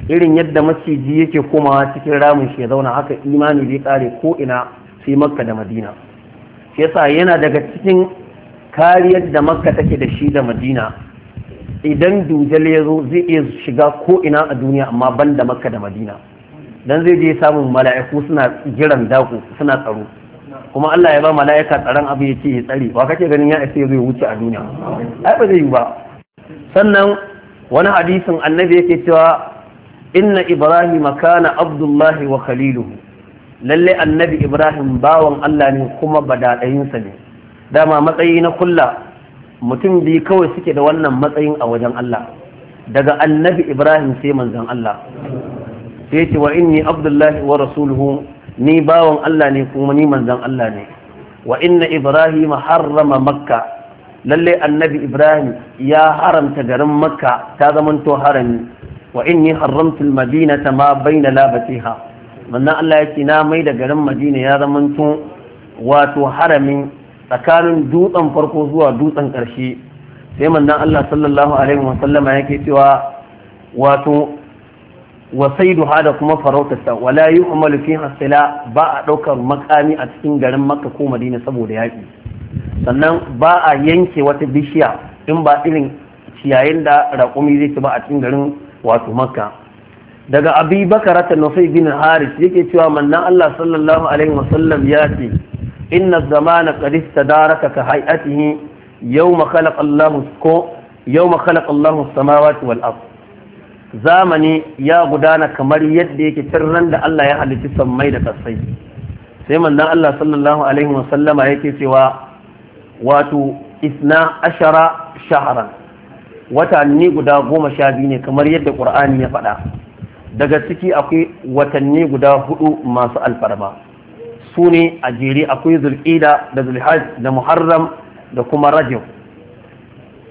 irin yadda maciji yake komawa cikin ramin shi ya zauna haka imani zai kare ko ina sai makka da madina shi yasa yana daga cikin kariyar da makka take da shi da madina idan dujal ya zo zai iya shiga ko ina a duniya amma ban da makka da madina dan zai je samun mala'iku suna jiran daku suna tsaro kuma Allah ya ba mala'ika tsaron abu ya ce ya tsare ba kake ganin ya isa zai wuce a duniya ai ba zai yi ba sannan wani hadisin annabi yake cewa inna ibrahim kana abdullahi wa khaliluhu lalle annabi ibrahim bawan Allah ne kuma badadayinsa ne dama matsayi na kulla mutum biyu kawai suke da wannan matsayin a wajen Allah daga annabi ibrahim sai manzon Allah sai ce wa inni abdullahi wa rasuluhu ni bawan Allah ne kuma ni manzan Allah ne wa inna ibrahim harrama makka lalle annabi ibrahim ya haramta garin makka ta zamanto harami wa inni haramtu ta ma baina labatiha manzan Allah yake na mai da garin madina ya zamanto wato haramin tsakanin dutsen farko zuwa dutsen ƙarshe sai manzan Allah sallallahu alaihi wasallama yake cewa wato wa duha da kuma farautata wala yu'malu fiha hasila ba a daukar makami a cikin garin makka ko madina saboda yaki sannan ba a yanke wata bishiya in ba irin ciyayin da raƙumi zai ci ba a cikin garin wato makka daga abi bakara ta nufai bin haris yake cewa mannan allah sallallahu alaihi wasallam ya ce inna zamana qad istadaraka ka hay'atihi yawma khalaqa allah ko yawma khalaqa allah samawati wal ardh zamani ya gudana kamar yadda yake tirran da Allah ya halitta sammai da kasai sai manzon Allah sallallahu alaihi wasallama yake cewa wato isna ashara shaharan watanni guda goma sha biyu ne kamar yadda ƙur'ani ya faɗa daga ciki akwai watanni guda hudu masu alfarma su ne a jere akwai zulƙida da zulhaj da muharram da kuma rajab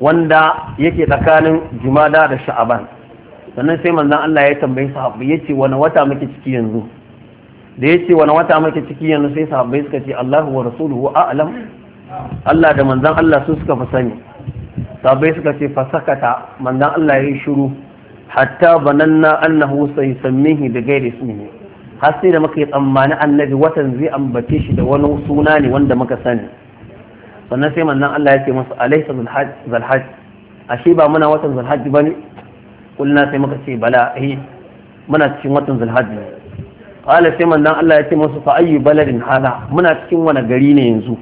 wanda yake tsakanin jumada da sha'aban sannan sai manzon Allah ya tambayi sahabbai ce wani wata muke ciki yanzu da ya ce wani wata muke ciki yanzu sai sahabbai suka ce Allahu wa rasuluhu a'lam Allah da manzon Allah su suka fa sani sahabbai suka ce fa fasakata manzon Allah ya yi shiru hatta bananna annahu sayusammihi da ghairi ismihi har sai da muka yi tsammani annabi watan zai ambace shi da wani suna ne wanda muka sani sannan sai manzon Allah ya ce masa alaysa zalhaj ashe ba muna watan zalhaj bane kulna sai muka ce bala eh muna cikin watan zulhajji qala sai manzon Allah ya ce musu fa ayyu baladin hada muna cikin wani gari ne yanzu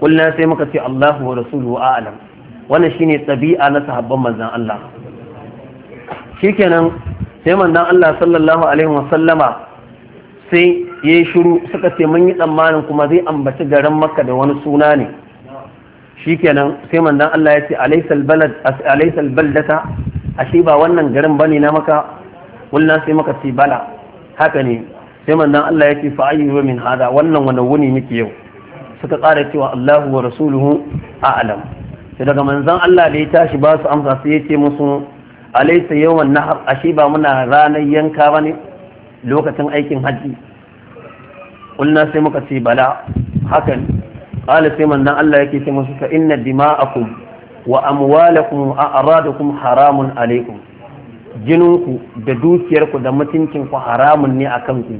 kulna sai muka ce Allahu wa rasuluhu a'lam wannan shine tabi'a na sahabban manzon Allah shikenan sai manzon Allah sallallahu alaihi wa sallama sai ya yi shiru suka ce mun yi tsammanin kuma zai ambaci garin makka da wani suna ne shikenan sai manzon Allah ya ce alaysal balad alaysal baldata ashe ba wannan garin bane na maka kullun sai maka ce bala haka ne sai manzon Allah ya ce fa ayyu min hada wannan wannan wuni muke yau suka tsara cewa Allahu wa rasuluhu a'lam sai daga manzon Allah da ya tashi ba su amsa sai ya ce musu alaysa yawman nahar ashe ba muna ranar yanka bane lokacin aikin haji kullun sai muka ce bala haka ne sai manzon Allah yake ce musu fa inna dima'akum wa amwalakum a aradukum haramun alaikum jininku da dukiyarku da mutuncinku haramun ne a kanku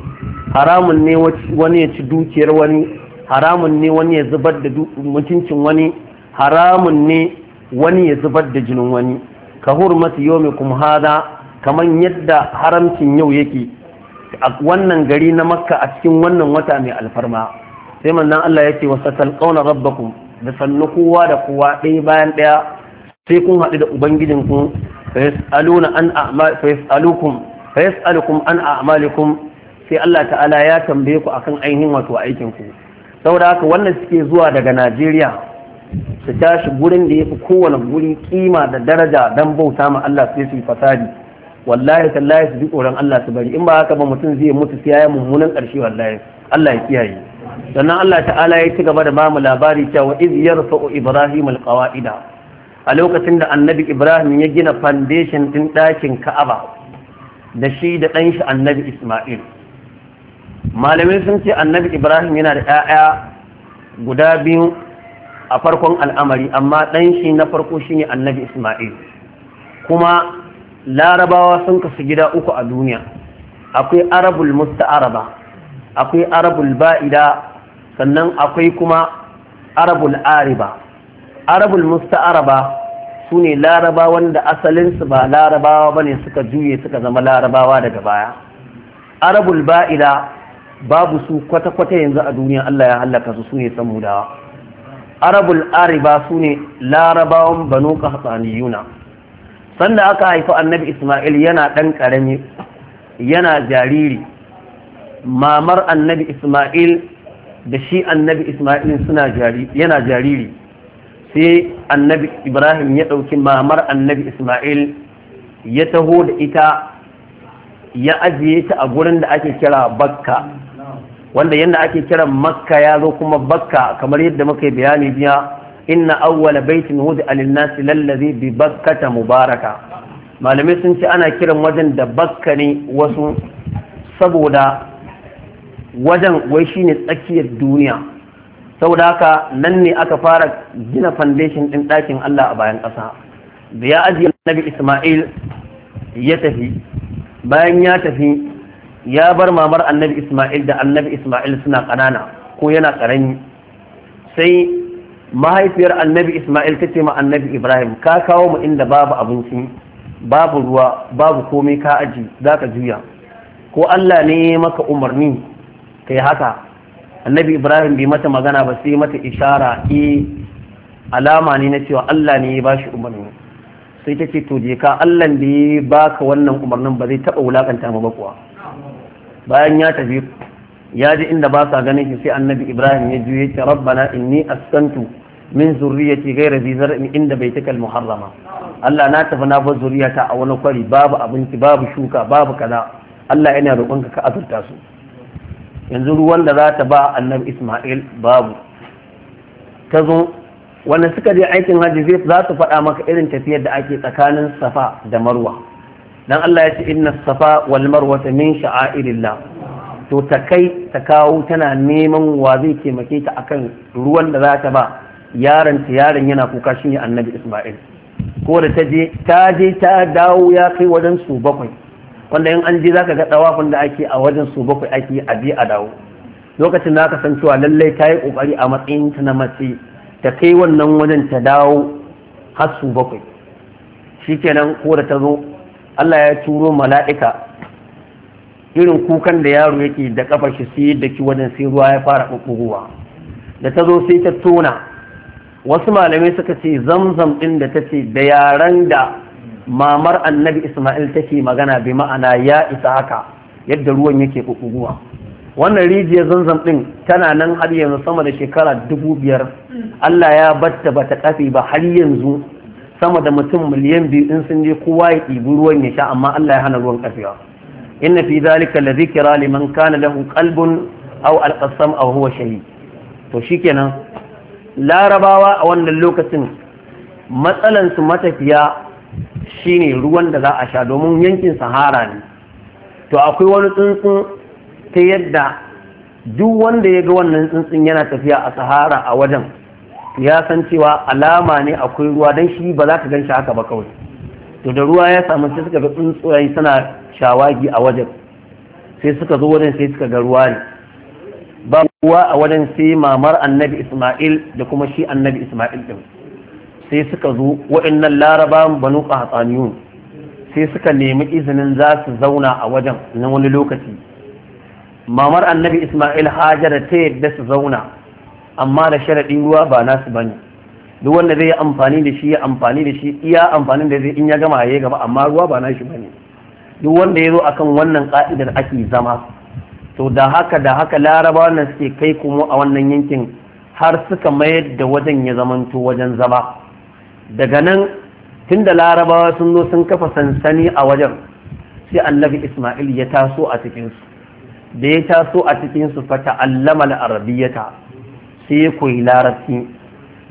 haramun ne wani ya ci dukiyar wani haramun ne wani ya zubar da mutuncin wani haramun ne wani ya zubar da jinin wani ka hurmatu yomikum hada kaman yadda haramcin yau yake a wannan gari na makka a cikin wannan wata mai alfarma sai manzon Allah yake wasa talqauna rabbakum da sannu kowa da kowa ɗaya bayan ɗaya sai kun haɗu da ubangijinku fayasaluna an fayasalukum an a'malikum sai Allah ta'ala ya tambaye ku akan ainihin wato aikin ku saboda haka wannan suke zuwa daga Najeriya su tashi gurin da yafi kowane guri kima da daraja dan bauta ma Allah sai su yi fasadi wallahi tallahi su bi tsoron Allah su bari in ba haka ba mutum zai mutu sai ya mummunan ƙarshe wallahi Allah ya kiyaye sannan Allah ta'ala ya ci gaba da bamu labari cewa iz yarfa'u ibrahim alqawaida a lokacin da annabi ibrahim ya gina foundation din dakin ka'aba da shi da dan shi annabi isma'il malamai sun ce annabi ibrahim yana da 'ya'ya guda biyu a farkon al'amari amma ɗan shi na farko shine annabi isma'il kuma larabawa sun kasu gida uku a duniya akwai arabul musta'araba akwai arabul ba'ida sannan akwai kuma arabul ariba arabul musta'araba su ne laraba wanda asalinsu ba larabawa ba ne suka juye suka zama larabawa daga baya arabul ba'ila babu su kwata-kwata yanzu a duniya Allah ya hallaka su su ne samudawa arabul ariba su ne larabawan banu yuna. sanda aka haifi annabi ismail yana ɗan ƙarami yana jariri mamar annabi ismail da shi annabi isma'il yana jariri sai annabi ibrahim ya ɗauki mamar annabi isma'il ya taho da ita ya ajiye ta a gurin da ake kira bakka wanda yadda ake kira makka ya zo kuma bakka kamar yadda muka yi bayani biya inna awwala baitin hudu alinnasi lallazi bi bakkata mubaraka malamai sun ce ana kiran wajen da bakka ne wasu saboda wajen wai shine tsakiyar duniya saboda haka nan ne aka fara gina foundation ɗin ɗakin Allah a bayan ƙasa da ya ajiye nabi Ismail ya tafi bayan ya tafi ya bar mamar annabi Ismail da annabi Ismail suna ƙanana ko yana ƙarami sai mahaifiyar annabi Ismail ta ce ma annabi Ibrahim ka kawo mu inda babu abinci babu ruwa babu komai ka aji za ka juya ko Allah ne maka umarni ta haka annabi ibrahim bai mata magana ba sai mata ishara e alama ne na cewa allah ne ya ba shi umarni sai ta ce to je ka allah da ya baka wannan umarnin ba zai taba wulakanta ba kuwa bayan ya tafi ya ji inda ba sa ganin shi sai annabi ibrahim ya juye ta rabbana inni askantu min zurriyati ghayra zizar zar'in inda baitikal muharrama Allah na tafi na bar zuriyata a wani kwari babu abinci babu shuka babu kaza Allah yana roƙonka ka azurta su yanzu ruwan da za ta ba annabi isma'il babu ta zo wanda suka je aikin hajji zai za su faɗa maka irin tafiyar da ake tsakanin safa da marwa dan Allah ya ce inna safa wal marwa min sha'airillah to ta kai ta kawo tana neman wa zai taimake ta akan ruwan da za ta ba yaron ta yaron yana kuka shine annabi isma'il ko da ta je ta je ta dawo ya kai wajen su bakwai wanda in an je zaka ga tsawafin da ake a wajen su bakwai ake a je a dawo lokacin da aka san cewa lallai ta yi ƙoƙari a matsayin ta na mace ta kai wannan wajen ta dawo har su bakwai shikenan ko da ta zo Allah ya turo mala'ika irin kukan da yaro yake da kafar shi sai da ki wajen sai ruwa ya fara bubbugowa da ta zo sai ta tona wasu malamai suka ce zamzam ɗin da ta ce da yaran da mamar annabi isma'il take magana bi ma'ana ya isa haka yadda ruwan yake kukuguwa wannan rijiyar zanzam din tana nan har yanzu sama da shekara dubu biyar allah ya batta bata kafi ba har yanzu sama da mutum miliyan biyu in sun je kowa ya ɗibi ruwan ya sha amma allah ya hana ruwan kafewa inna fi zalika la zikra liman kana lahu qalbun aw alqasam aw huwa shahid to shikenan larabawa a wannan lokacin matsalansu matafiya shine ruwan da za a sha domin yankin sahara ne to akwai wani tsuntsun ta yadda duk wanda ya ga wannan tsuntsun yana tafiya a sahara a wajen ya san cewa alama ne akwai ruwa don shi ba za ka gan shi haka ba kawai to da ruwa ya samu sai suka ga tsuntsaye suna shawagi a wajen sai suka zo wajen sai suka ga ruwa ne ba ruwa a wajen sai mamar annabi isma'il da kuma shi annabi isma'il din sai suka zo waɗannan laraba banu qahtaniyun sai suka nemi izinin za su zauna a wajen na wani lokaci mamar annabi isma'il hajara ta yadda su zauna amma da sharaɗin ruwa ba nasu bane duk wanda zai yi amfani da shi ya amfani da shi iya amfanin da zai in ya gama ya gaba amma ruwa ba nashi bane duk wanda ya zo akan wannan ka'idar ake zama to da haka da haka laraba nan suke kai kuma a wannan yankin har suka mayar da wajen ya zamanto wajen zama daga nan tun da larabawa sun zo sun kafa sansani a wajen sai annabi isma'il ya taso a cikinsu da ya taso a cikinsu fata allama al'arabiyyata sai ya koyi larabci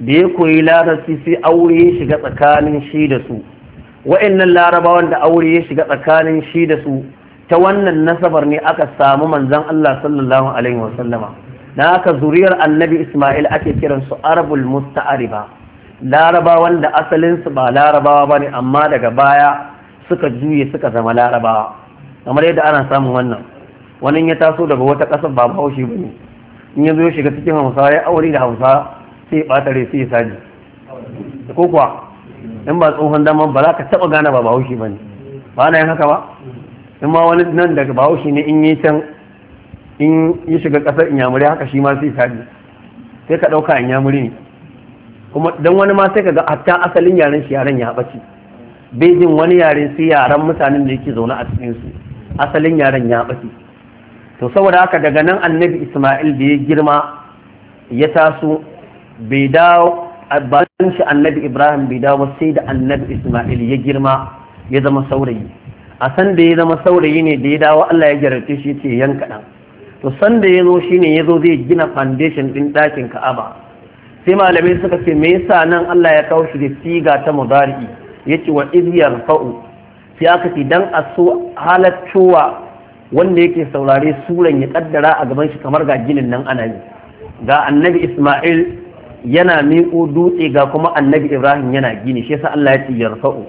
da ya koyi larabci sai aure ya shiga tsakanin shi da su wa'annan larabawan da aure ya shiga tsakanin shi da su ta wannan nasabar ne aka samu manzan Allah sallallahu alaihi wasallama na aka zuriyar annabi Ismail ake kiransu arabul musta'ariba larabawan da asalinsu ba larabawa ba ne amma daga baya suka juye suka zama larabawa kamar yadda ana samun wannan wani ya taso daga wata ƙasar ba bahaushe ba ne in ya zo shiga cikin hausa ya aure da hausa sai ya ɓata rai sai ya saji ko kuwa in ba tsohon daman ba za ka taɓa gane ba bahaushe ba ne ba na yin haka ba in ma wani nan daga bahaushe ne in yi can in yi shiga ƙasar inyamuri haka shi ma sai saji sai ka ɗauka inyamuri ne kuma don wani ma sai kaga hatta asalin yaren shi yaren ya bace bai jin wani yaren sai yaren mutanen da yake zaune a cikin su asalin yaren ya bace to saboda haka daga nan annabi Isma'il da ya girma ya taso bai dawo abban shi annabi Ibrahim bai dawo sai da annabi Isma'il ya girma ya zama saurayi a san da ya zama saurayi ne da ya dawo Allah ya jarabce shi ce yanka dan to san da ya zo shine ya zo zai gina foundation din ɗakin Ka'aba sai malamai suka ce me yasa nan Allah ya kawo shi da siga ta mudari yace wa idh yarfa'u sai aka ce dan aso halaccowa wanda yake saurare suran ya kaddara a gaban shi kamar ga ginin nan ana yi ga annabi Isma'il yana miƙo dutse ga kuma annabi Ibrahim yana gini shi yasa Allah ya ce yarfa'u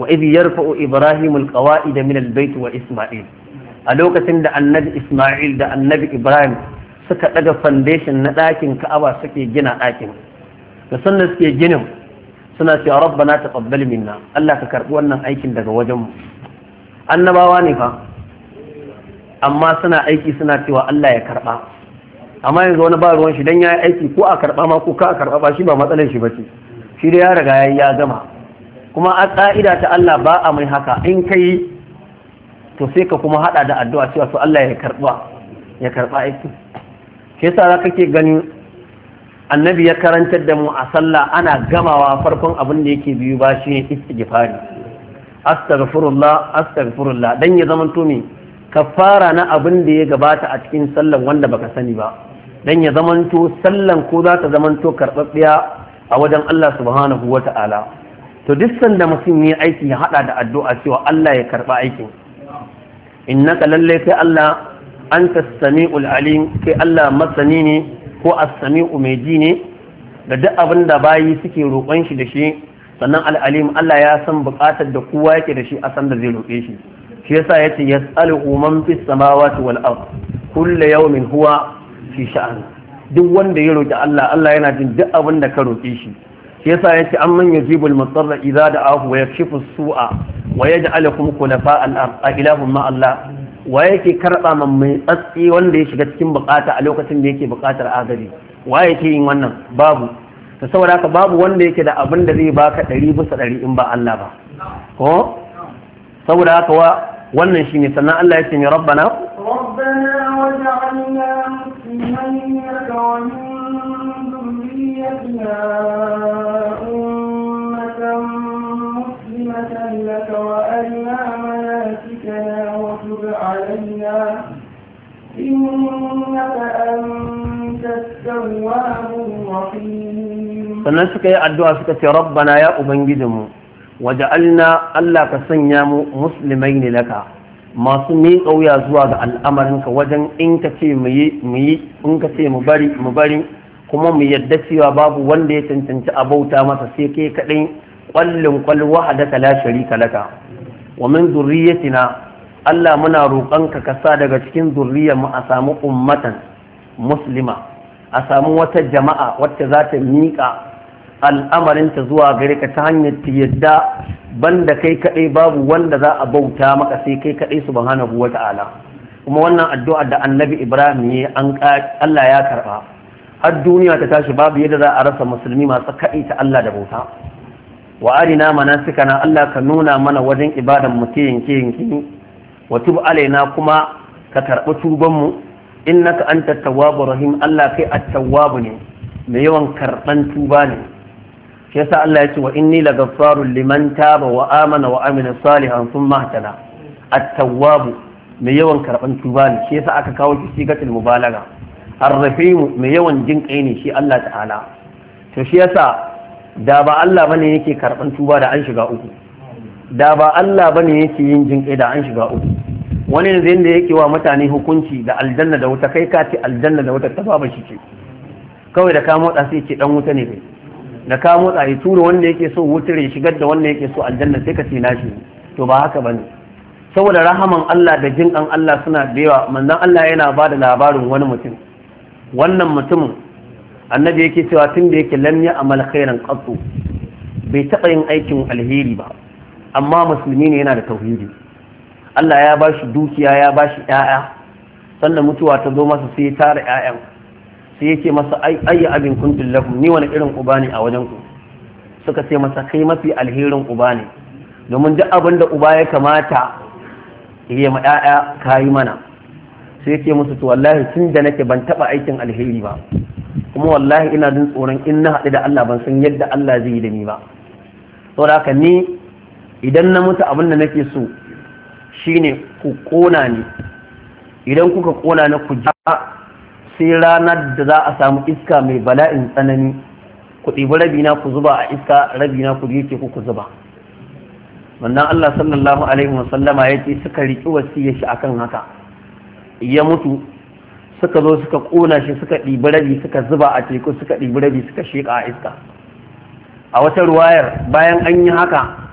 wa idh yarfa'u Ibrahim alqawa'id min albayt wa Isma'il a lokacin da annabi Isma'il da annabi Ibrahim suka daga foundation na ɗakin ka'aba suke gina ɗakin da sannan suke ginin suna cewa rabbana taqabbal minna Allah ka karbi wannan aikin daga wajen mu annabawa ne fa amma suna aiki suna cewa Allah ya karba amma yanzu wani ba ruwan shi ya yayi aiki ko a karba ma ko ka a karba ba shi ba matsalar shi bace shi dai ya riga yayi ya gama kuma a ka'ida ta Allah ba a mai haka in kai to sai ka kuma haɗa da addu'a cewa to Allah ya karba ya karba aiki shi yasa za kake gani annabi ya karantar da mu a sallah ana gamawa farkon abin da yake biyu ba shi ne istighfari astaghfirullah astaghfirullah dan ya zama to kafara na abin da ya gabata a cikin sallan wanda baka sani ba dan ya zama to sallan ko za ta zama to karɓaɓɓiya a wajen Allah subhanahu wata'ala to duk sanda mutum ne aiki ya hada da addu'a cewa Allah ya karba aikin innaka lalle kai Allah anta sami alim kai Allah masani ne ko a sami mai ji ne da duk abin da bayi suke roƙon shi da shi sannan al Allah ya san buƙatar da kowa yake da shi a san da zai roƙe shi shi yasa yace yas'alu man fis samawati wal ard yau min huwa fi sha'an duk wanda ya roƙi Allah Allah yana jin duk abin da ka roƙe shi shi yasa yace amman yajibul mutarra idza da'ahu wa ya as-su'a wa yaj'alukum khulafa kulafa ard a ilahum ma wa yake karɓa man mai tsatsi wanda ya shiga cikin bukata a lokacin da yake bukatar agaji wa yake yin wannan babu ta saboda haka babu wanda yake da abin da zai baka ɗari bisa ɗari in ba Allah ba ko saboda haka wa wannan shi ne sannan Allah ya ce ne rabbana rabbana sannan suka yi addu'a suka ce rabbana ya ubangijinmu waja'alna Allah ka sanya mu musulmai ne laka masu miƙauya zuwa ga al'amarinka wajen in ka ce mu yi in ka ce mu bari kuma mu yadda cewa babu wanda ya cancanci a bauta masa sai kai kaɗai ƙwallin ƙwal ta la sharika laka wa min zurriyatina Allah muna roƙonka ka sa daga cikin zurriyar mu a samu ummatan muslima a samu wata jama'a wacce za ta miƙa al'amarinta zuwa gare ka ta hanyar ta banda kai kaɗai babu wanda za a bauta maka sai kai kaɗai su subhanahu wa ta'ala kuma wannan addu'a da annabi ibrahim ya an Allah ya karɓa har duniya ta tashi babu yadda za a rasa musulmi masu kaɗai ta Allah da bauta wa arina mana na Allah ka nuna mana wajen ibadan mu ke yanke yanke wa tub'u alaina kuma ka karɓi tubanmu innaka an tattawa rahim Allah kai at-tawwab ne mai yawan karɓan tuba ne shi yasa Allah ya ce wa inni lagaffarul liman taba wa amana wa Amina salihan thumma ihtada at mai yawan karɓan tuba ne shi yasa aka kawo shi sigatul mubalaga ar mu mai yawan jin kai ne shi Allah ta'ala to shi yasa da ba Allah bane yake karɓan tuba da an shiga uku da ba Allah bane yake yin jin da an shiga uku wani yanzu yanda yake wa mutane hukunci da aljanna da wuta kai ka ce aljanna da wuta ta ba shi ce kawai da ka motsa sai ce dan wuta ne kai da ka motsa ya tura wanda yake so wutar ya shigar da wanda yake so aljanna sai ka ce shi to ba haka bane saboda rahaman Allah da jin an Allah suna bewa manzan manzon Allah yana ba da labarin wani mutum wannan mutumin annabi yake cewa tun da yake lam ya amal khairan qattu bai taɓa yin aikin alheri ba amma musulmi ne yana da tauhidi Allah ya bashi dukiya ya bashi 'ya'ya, sannan mutuwa ta zo masa sai ya tara ƴaƴan sai yake masa ayi abin kun lakum ni wani irin uba ne a wajen ku suka ce masa kai mafi alherin uba ne domin duk abin da uba ya kamata ya ma ƴaƴa kayi mana sai yake musu to wallahi tun da nake ban taba aikin alheri ba kuma wallahi ina jin tsoron in na haɗu da Allah ban san yadda Allah zai yi da ni ba saboda haka ni idan na mutu abin da nake so shine ku kona ni idan kuka kona na ku ja sai ranar da za a samu iska mai bala'in tsanani ku ɗibi rabina ku zuba a iska rabina ku je ku ku zuba wannan Allah sallallahu alaihi wasallama ya ce suka riƙi wasiyar shi akan haka ya mutu suka zo suka ƙona shi suka ɗibi rabi suka zuba a teku suka ɗibi rabi suka sheƙa a iska a wata ruwayar bayan an yi haka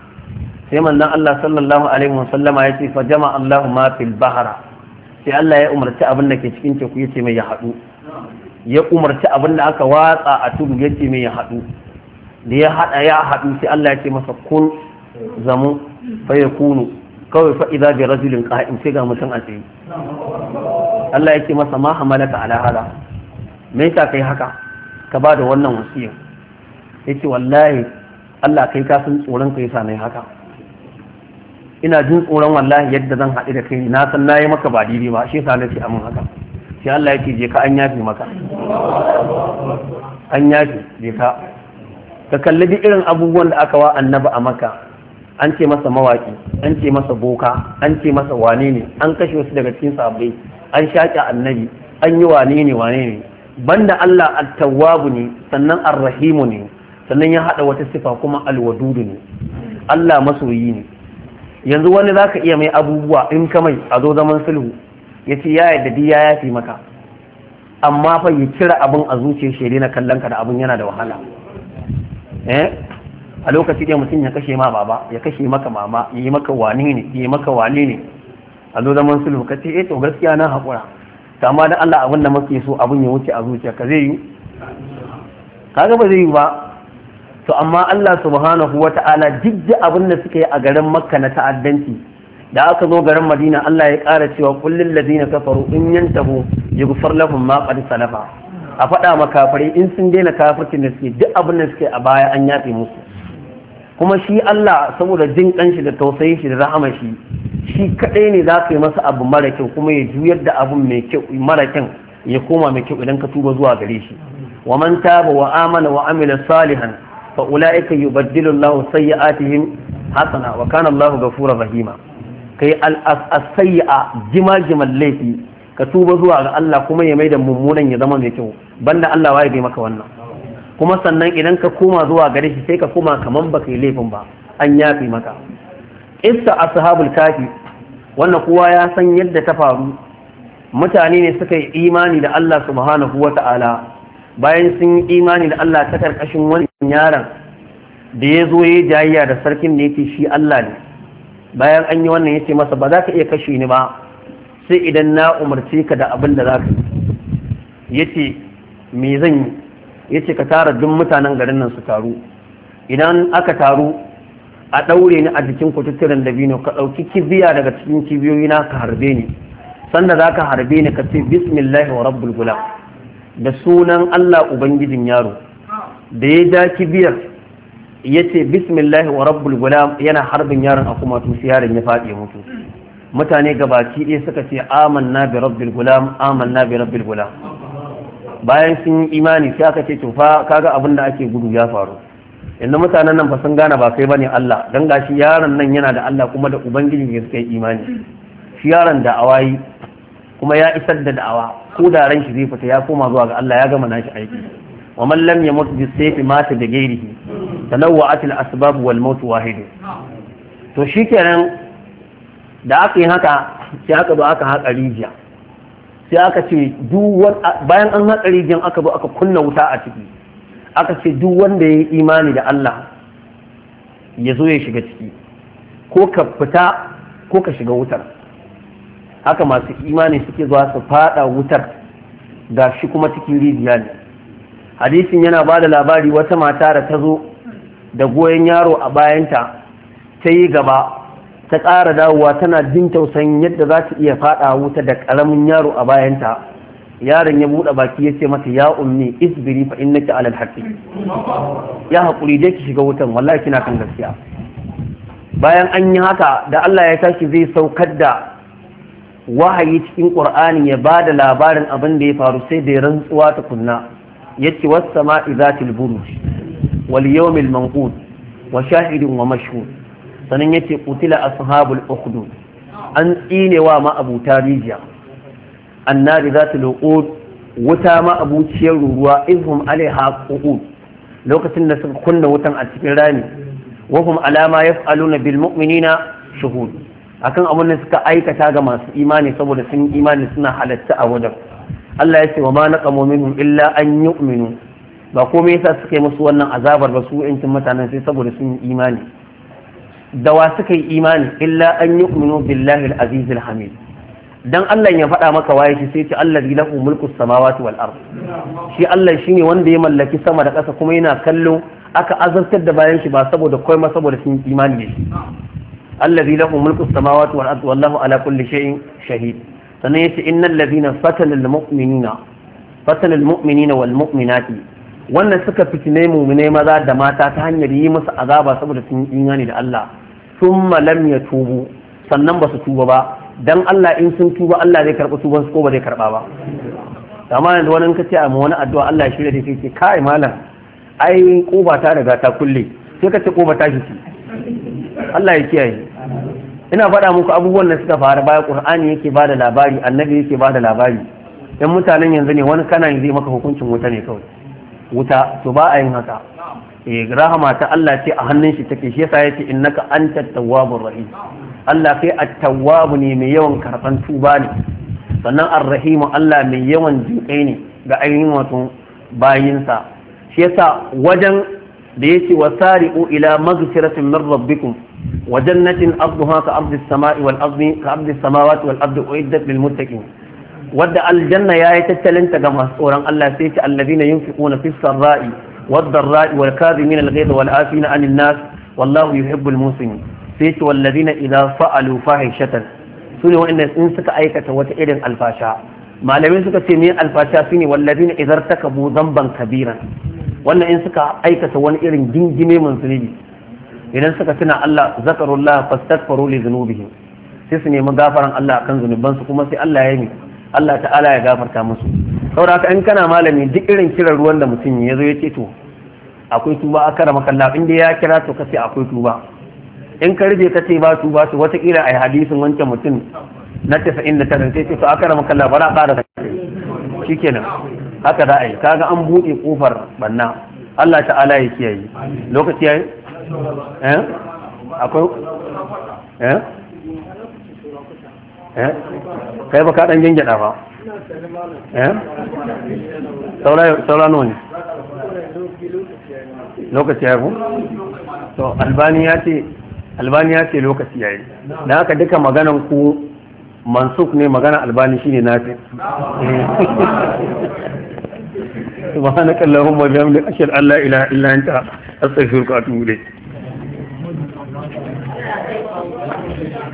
sai manzon Allah sallallahu alaihi wasallama ya ce fa jama Allahu ma fil bahra sai Allah ya umarci abin da ke cikin teku yace mai ya hadu ya umarci abin da aka watsa a tudu yace mai ya hadu da ya hada ya hadu sai Allah ya ce masa kun zamu fa yakunu kawai fa idza bi rajulin qa'im sai ga mutum a tsaye Allah ya ce masa ma hamalaka ala hada me yasa kai haka ka ba da wannan wasiya yace wallahi Allah kai ka san tsoron ka yasa nayi haka ina jin tsoron wallahi yadda zan haɗu da kai na san na yi maka ba daidai ba shi yasa na ce amin haka sai Allah ya ce je ka an yafi maka an yafi je ka ka kalli duk irin abubuwan da aka wa annaba a maka an ce masa mawaki an ce masa boka an ce masa wane ne an kashe wasu daga cikin sabbai an shaƙe annabi an yi wane ne wane ne banda Allah at-tawwabu ne sannan ar-rahimu ne sannan ya hada wata sifa kuma al-wadudu ne Allah masoyi ne yanzu wani za ka iya mai abubuwa in ka mai a zo zaman sulhu ya ce ya yadda di ya yafi maka amma fa ya kira abin a zuciyar shi na kallon ka da abin yana da wahala eh? a lokaci da mutum ya kashe ma baba ya kashe maka mama ya yi maka wani ne ya yi maka wani ne a zo zaman sulhu ka ce eh to gaskiya na haƙura ta amma da Allah abin da muke so abin ya wuce a zuciya ka zai yi kaga ba zai yi ba to amma Allah subhanahu waTa'ala ta'ala duk da abin da suka yi a garin makka na ta'addanci da aka zo garin madina Allah ya kara cewa kullum ladina kafaru in yantahu yughfar lahum ma qad salafa a faɗa kafirai in sun daina kafirci da suke duk abin da suke a baya an yafe musu kuma shi Allah saboda jin kanshi da tausayin shi da rahama shi shi kadai ne za ka yi masa abu mara kyau kuma ya juyar da abun mai kyau mara kyau ya koma mai kyau idan ka tuba zuwa gare shi wa man taba wa amana wa amila salihan fa ulaika yubaddilu Allahu sayyi'atihim hasana wa kana Allahu ghafurur rahima kai al-sayyi'a jimajiman laifi ka tuba zuwa ga Allah kuma ya maida mummunan ya zama mai kyau banda Allah ya bai maka wannan kuma sannan idan ka koma zuwa gare shi sai ka koma kaman baka yi laifin ba an yafi maka issa ashabul kafi wannan kowa ya san yadda ta faru mutane ne suka yi imani da Allah subhanahu wata'ala bayan sun yi imani da Allah ta karkashin wani yaron da ya zo ya jayayya da sarkin da yake shi Allah ne bayan an yi wannan ya ce masa ba za ka iya kashe ni ba sai idan na umarce ka da abin da za ka yi ya ce me zan yi ya ce ka tara duk mutanen garin nan su taru idan aka taru a ɗaure ni a jikin kututturen dabino ka ɗauki kibiya daga cikin kibiyoyi na ka harbe ni sanda za ka harbe ni ka ce bismillahi wa rabbul gulam da sunan Allah ubangijin yaro da ya ja kibiyar ya ce bismillahi wa rabbul gulam yana harbin yaron a kuma tusi yaron ya faɗi mutu mutane gabaki ɗaya suka ce aman na bi rabbil gulam na bi rabbul gulam bayan sun yi imani sai aka ce to fa kaga abin da ake gudu ya faru yanzu mutanen nan fa sun gane ba kai bane Allah dan gashi yaron nan yana da Allah kuma da ubangiji ne suka yi imani shi yaron da awayi kuma ya isar da da'awa ko da ran shi zai fita ya koma zuwa ga Allah ya gama nashi aiki wa man lam yamut bi sayfi mata da gairihi tanawwa'at al asbab wal maut wahid to da aka yi haka sai aka zo aka haƙa rijiya sai aka ce duk bayan an haƙa rijiyar aka zo aka kunna wuta a ciki aka ce duk wanda ya yi imani da Allah ya zo ya shiga ciki ko ka fita ko ka shiga wutar haka masu imani suke zuwa su fada wutar ga shi kuma cikin rijiya ne hadisin yana ba da labari wata mata da ta zo da goyon yaro a bayanta ta yi gaba ta ƙara dawowa tana jin tausayin yadda za ta iya faɗa wuta da ƙaramin yaro a bayanta yaron ya buɗe baki ya ce mata ya ummi isbiri fa innaki alal haqqi ya hakuri dai ki shiga wutan wallahi kina kan gaskiya bayan an yi haka da Allah ya tashi zai saukar da wahayi cikin Qur'ani ya ba da labarin abin da ya faru sai da rantsuwa ta kunna yace was sama'i zatil buruj wal yawmil manqud wa shahidin wa mashhud sanan yace qutila ashabul ukhdud an tsine ma abuta rijiya Annabi zatil uqud wuta ma abuciyar ruwa izhum alaiha qu'ud lokacin da suka kunna wutan a cikin rami wa hum alama yaf'aluna bil mu'minina shuhud akan abin da suka aikata ga masu imani saboda sun imani suna halatta a wajen Allah ya ce wa ma naqamu minhum illa an yu'minu ba komai yasa suka yi musu wannan azabar ba su yancin mutanen sai saboda sun yi imani dawa suka yi imani illa an yu'minu billahi al-aziz al-hamid dan Allah ya faɗa maka waye shi sai ce Allah lahu mulku samawati wal ard shi Allah shine wanda ya mallaki sama da ƙasa kuma yana kallo aka azabtar da bayan shi ba saboda kai ma saboda sun imani ne allazi lahu mulku samawati wal ardi wallahu ala kulli shay'in shahid sannan yace innal ladhina fatanal mu'minina fatanal mu'minina wal mu'minati wannan suka fitine mu'mine maza da mata ta hanyar yi musu azaba saboda sun imani da Allah thumma lam yatubu sannan ba su tuba ba dan Allah in sun tuba Allah zai karɓi tuban su ko ba zai karɓa ba amma yanzu wani ka ce wani addu'a Allah ya shirya da kai ce kai malam ai koba ta riga ta kulle sai ka ce koba ta shi Allah ya kiyaye ina faɗa muku abubuwan da suka faru baya qur'ani yake ba da labari annabi yake ba da labari yan mutanen yanzu ne wani kana zai maka hukuncin wuta ne kawai wuta to ba a yin haka eh rahama ta Allah ce a hannun shi take shi yasa yace innaka antat tawwabur rahim Allah kai at-tawwab ne mai yawan karban tuba ne sannan ar-rahim Allah mai yawan jinkai ne ga ainihin wato bayinsa shi yasa wajen da yake wasari'u ila maghfiratin min rabbikum وجنة أرضها كأرض السماء والأرض كأرض السماوات والأرض أعدت للمتقين ود الجنة يا تتلن تجمع سورة الله سيت الذين ينفقون في السراء والضراء والكاظمين الغيظ والعافين عن الناس والله يحب المسلمين سيت والذين إذا فعلوا فاحشة سنوا إن إنسك أيكة وتئرن الفاشا ما لم ينسك تيمي الفاشا سني والذين إذا ارتكبوا ذنبا كبيرا وأن إنسك أيكة وان إرن جنجمي من سنيدي idan suka tuna Allah zakarullah fastaghfiru li dhunubihim sai su nemi gafaran Allah akan zunubansu kuma sai Allah ya yi Allah ta'ala ya gafarta musu saboda in kana malami duk irin kiran ruwan da mutum ya zo ya ce to akwai tuba a kara makalla in dai ya kira to kace akwai tuba in ka rige ce ba tuba to watakila ai hadisin wancan mutum na 99 sai ce to a kara makalla ba za ka da shikenan haka za a yi kaga an buɗe kofar banna Allah ta'ala ya kiyaye lokaci yayi Eh? Eh? Eh? kai ba ka dan gengeda ba eh saura saura nawa lokaci ya ku to albani ya ce albani ya ce lokaci ya yi da haka duka maganan ku mansuk ne magana albani shine nafi subhanakallahumma wa bihamdika ashhadu an Allah ila illa anta astaghfiruka wa atubu ilayk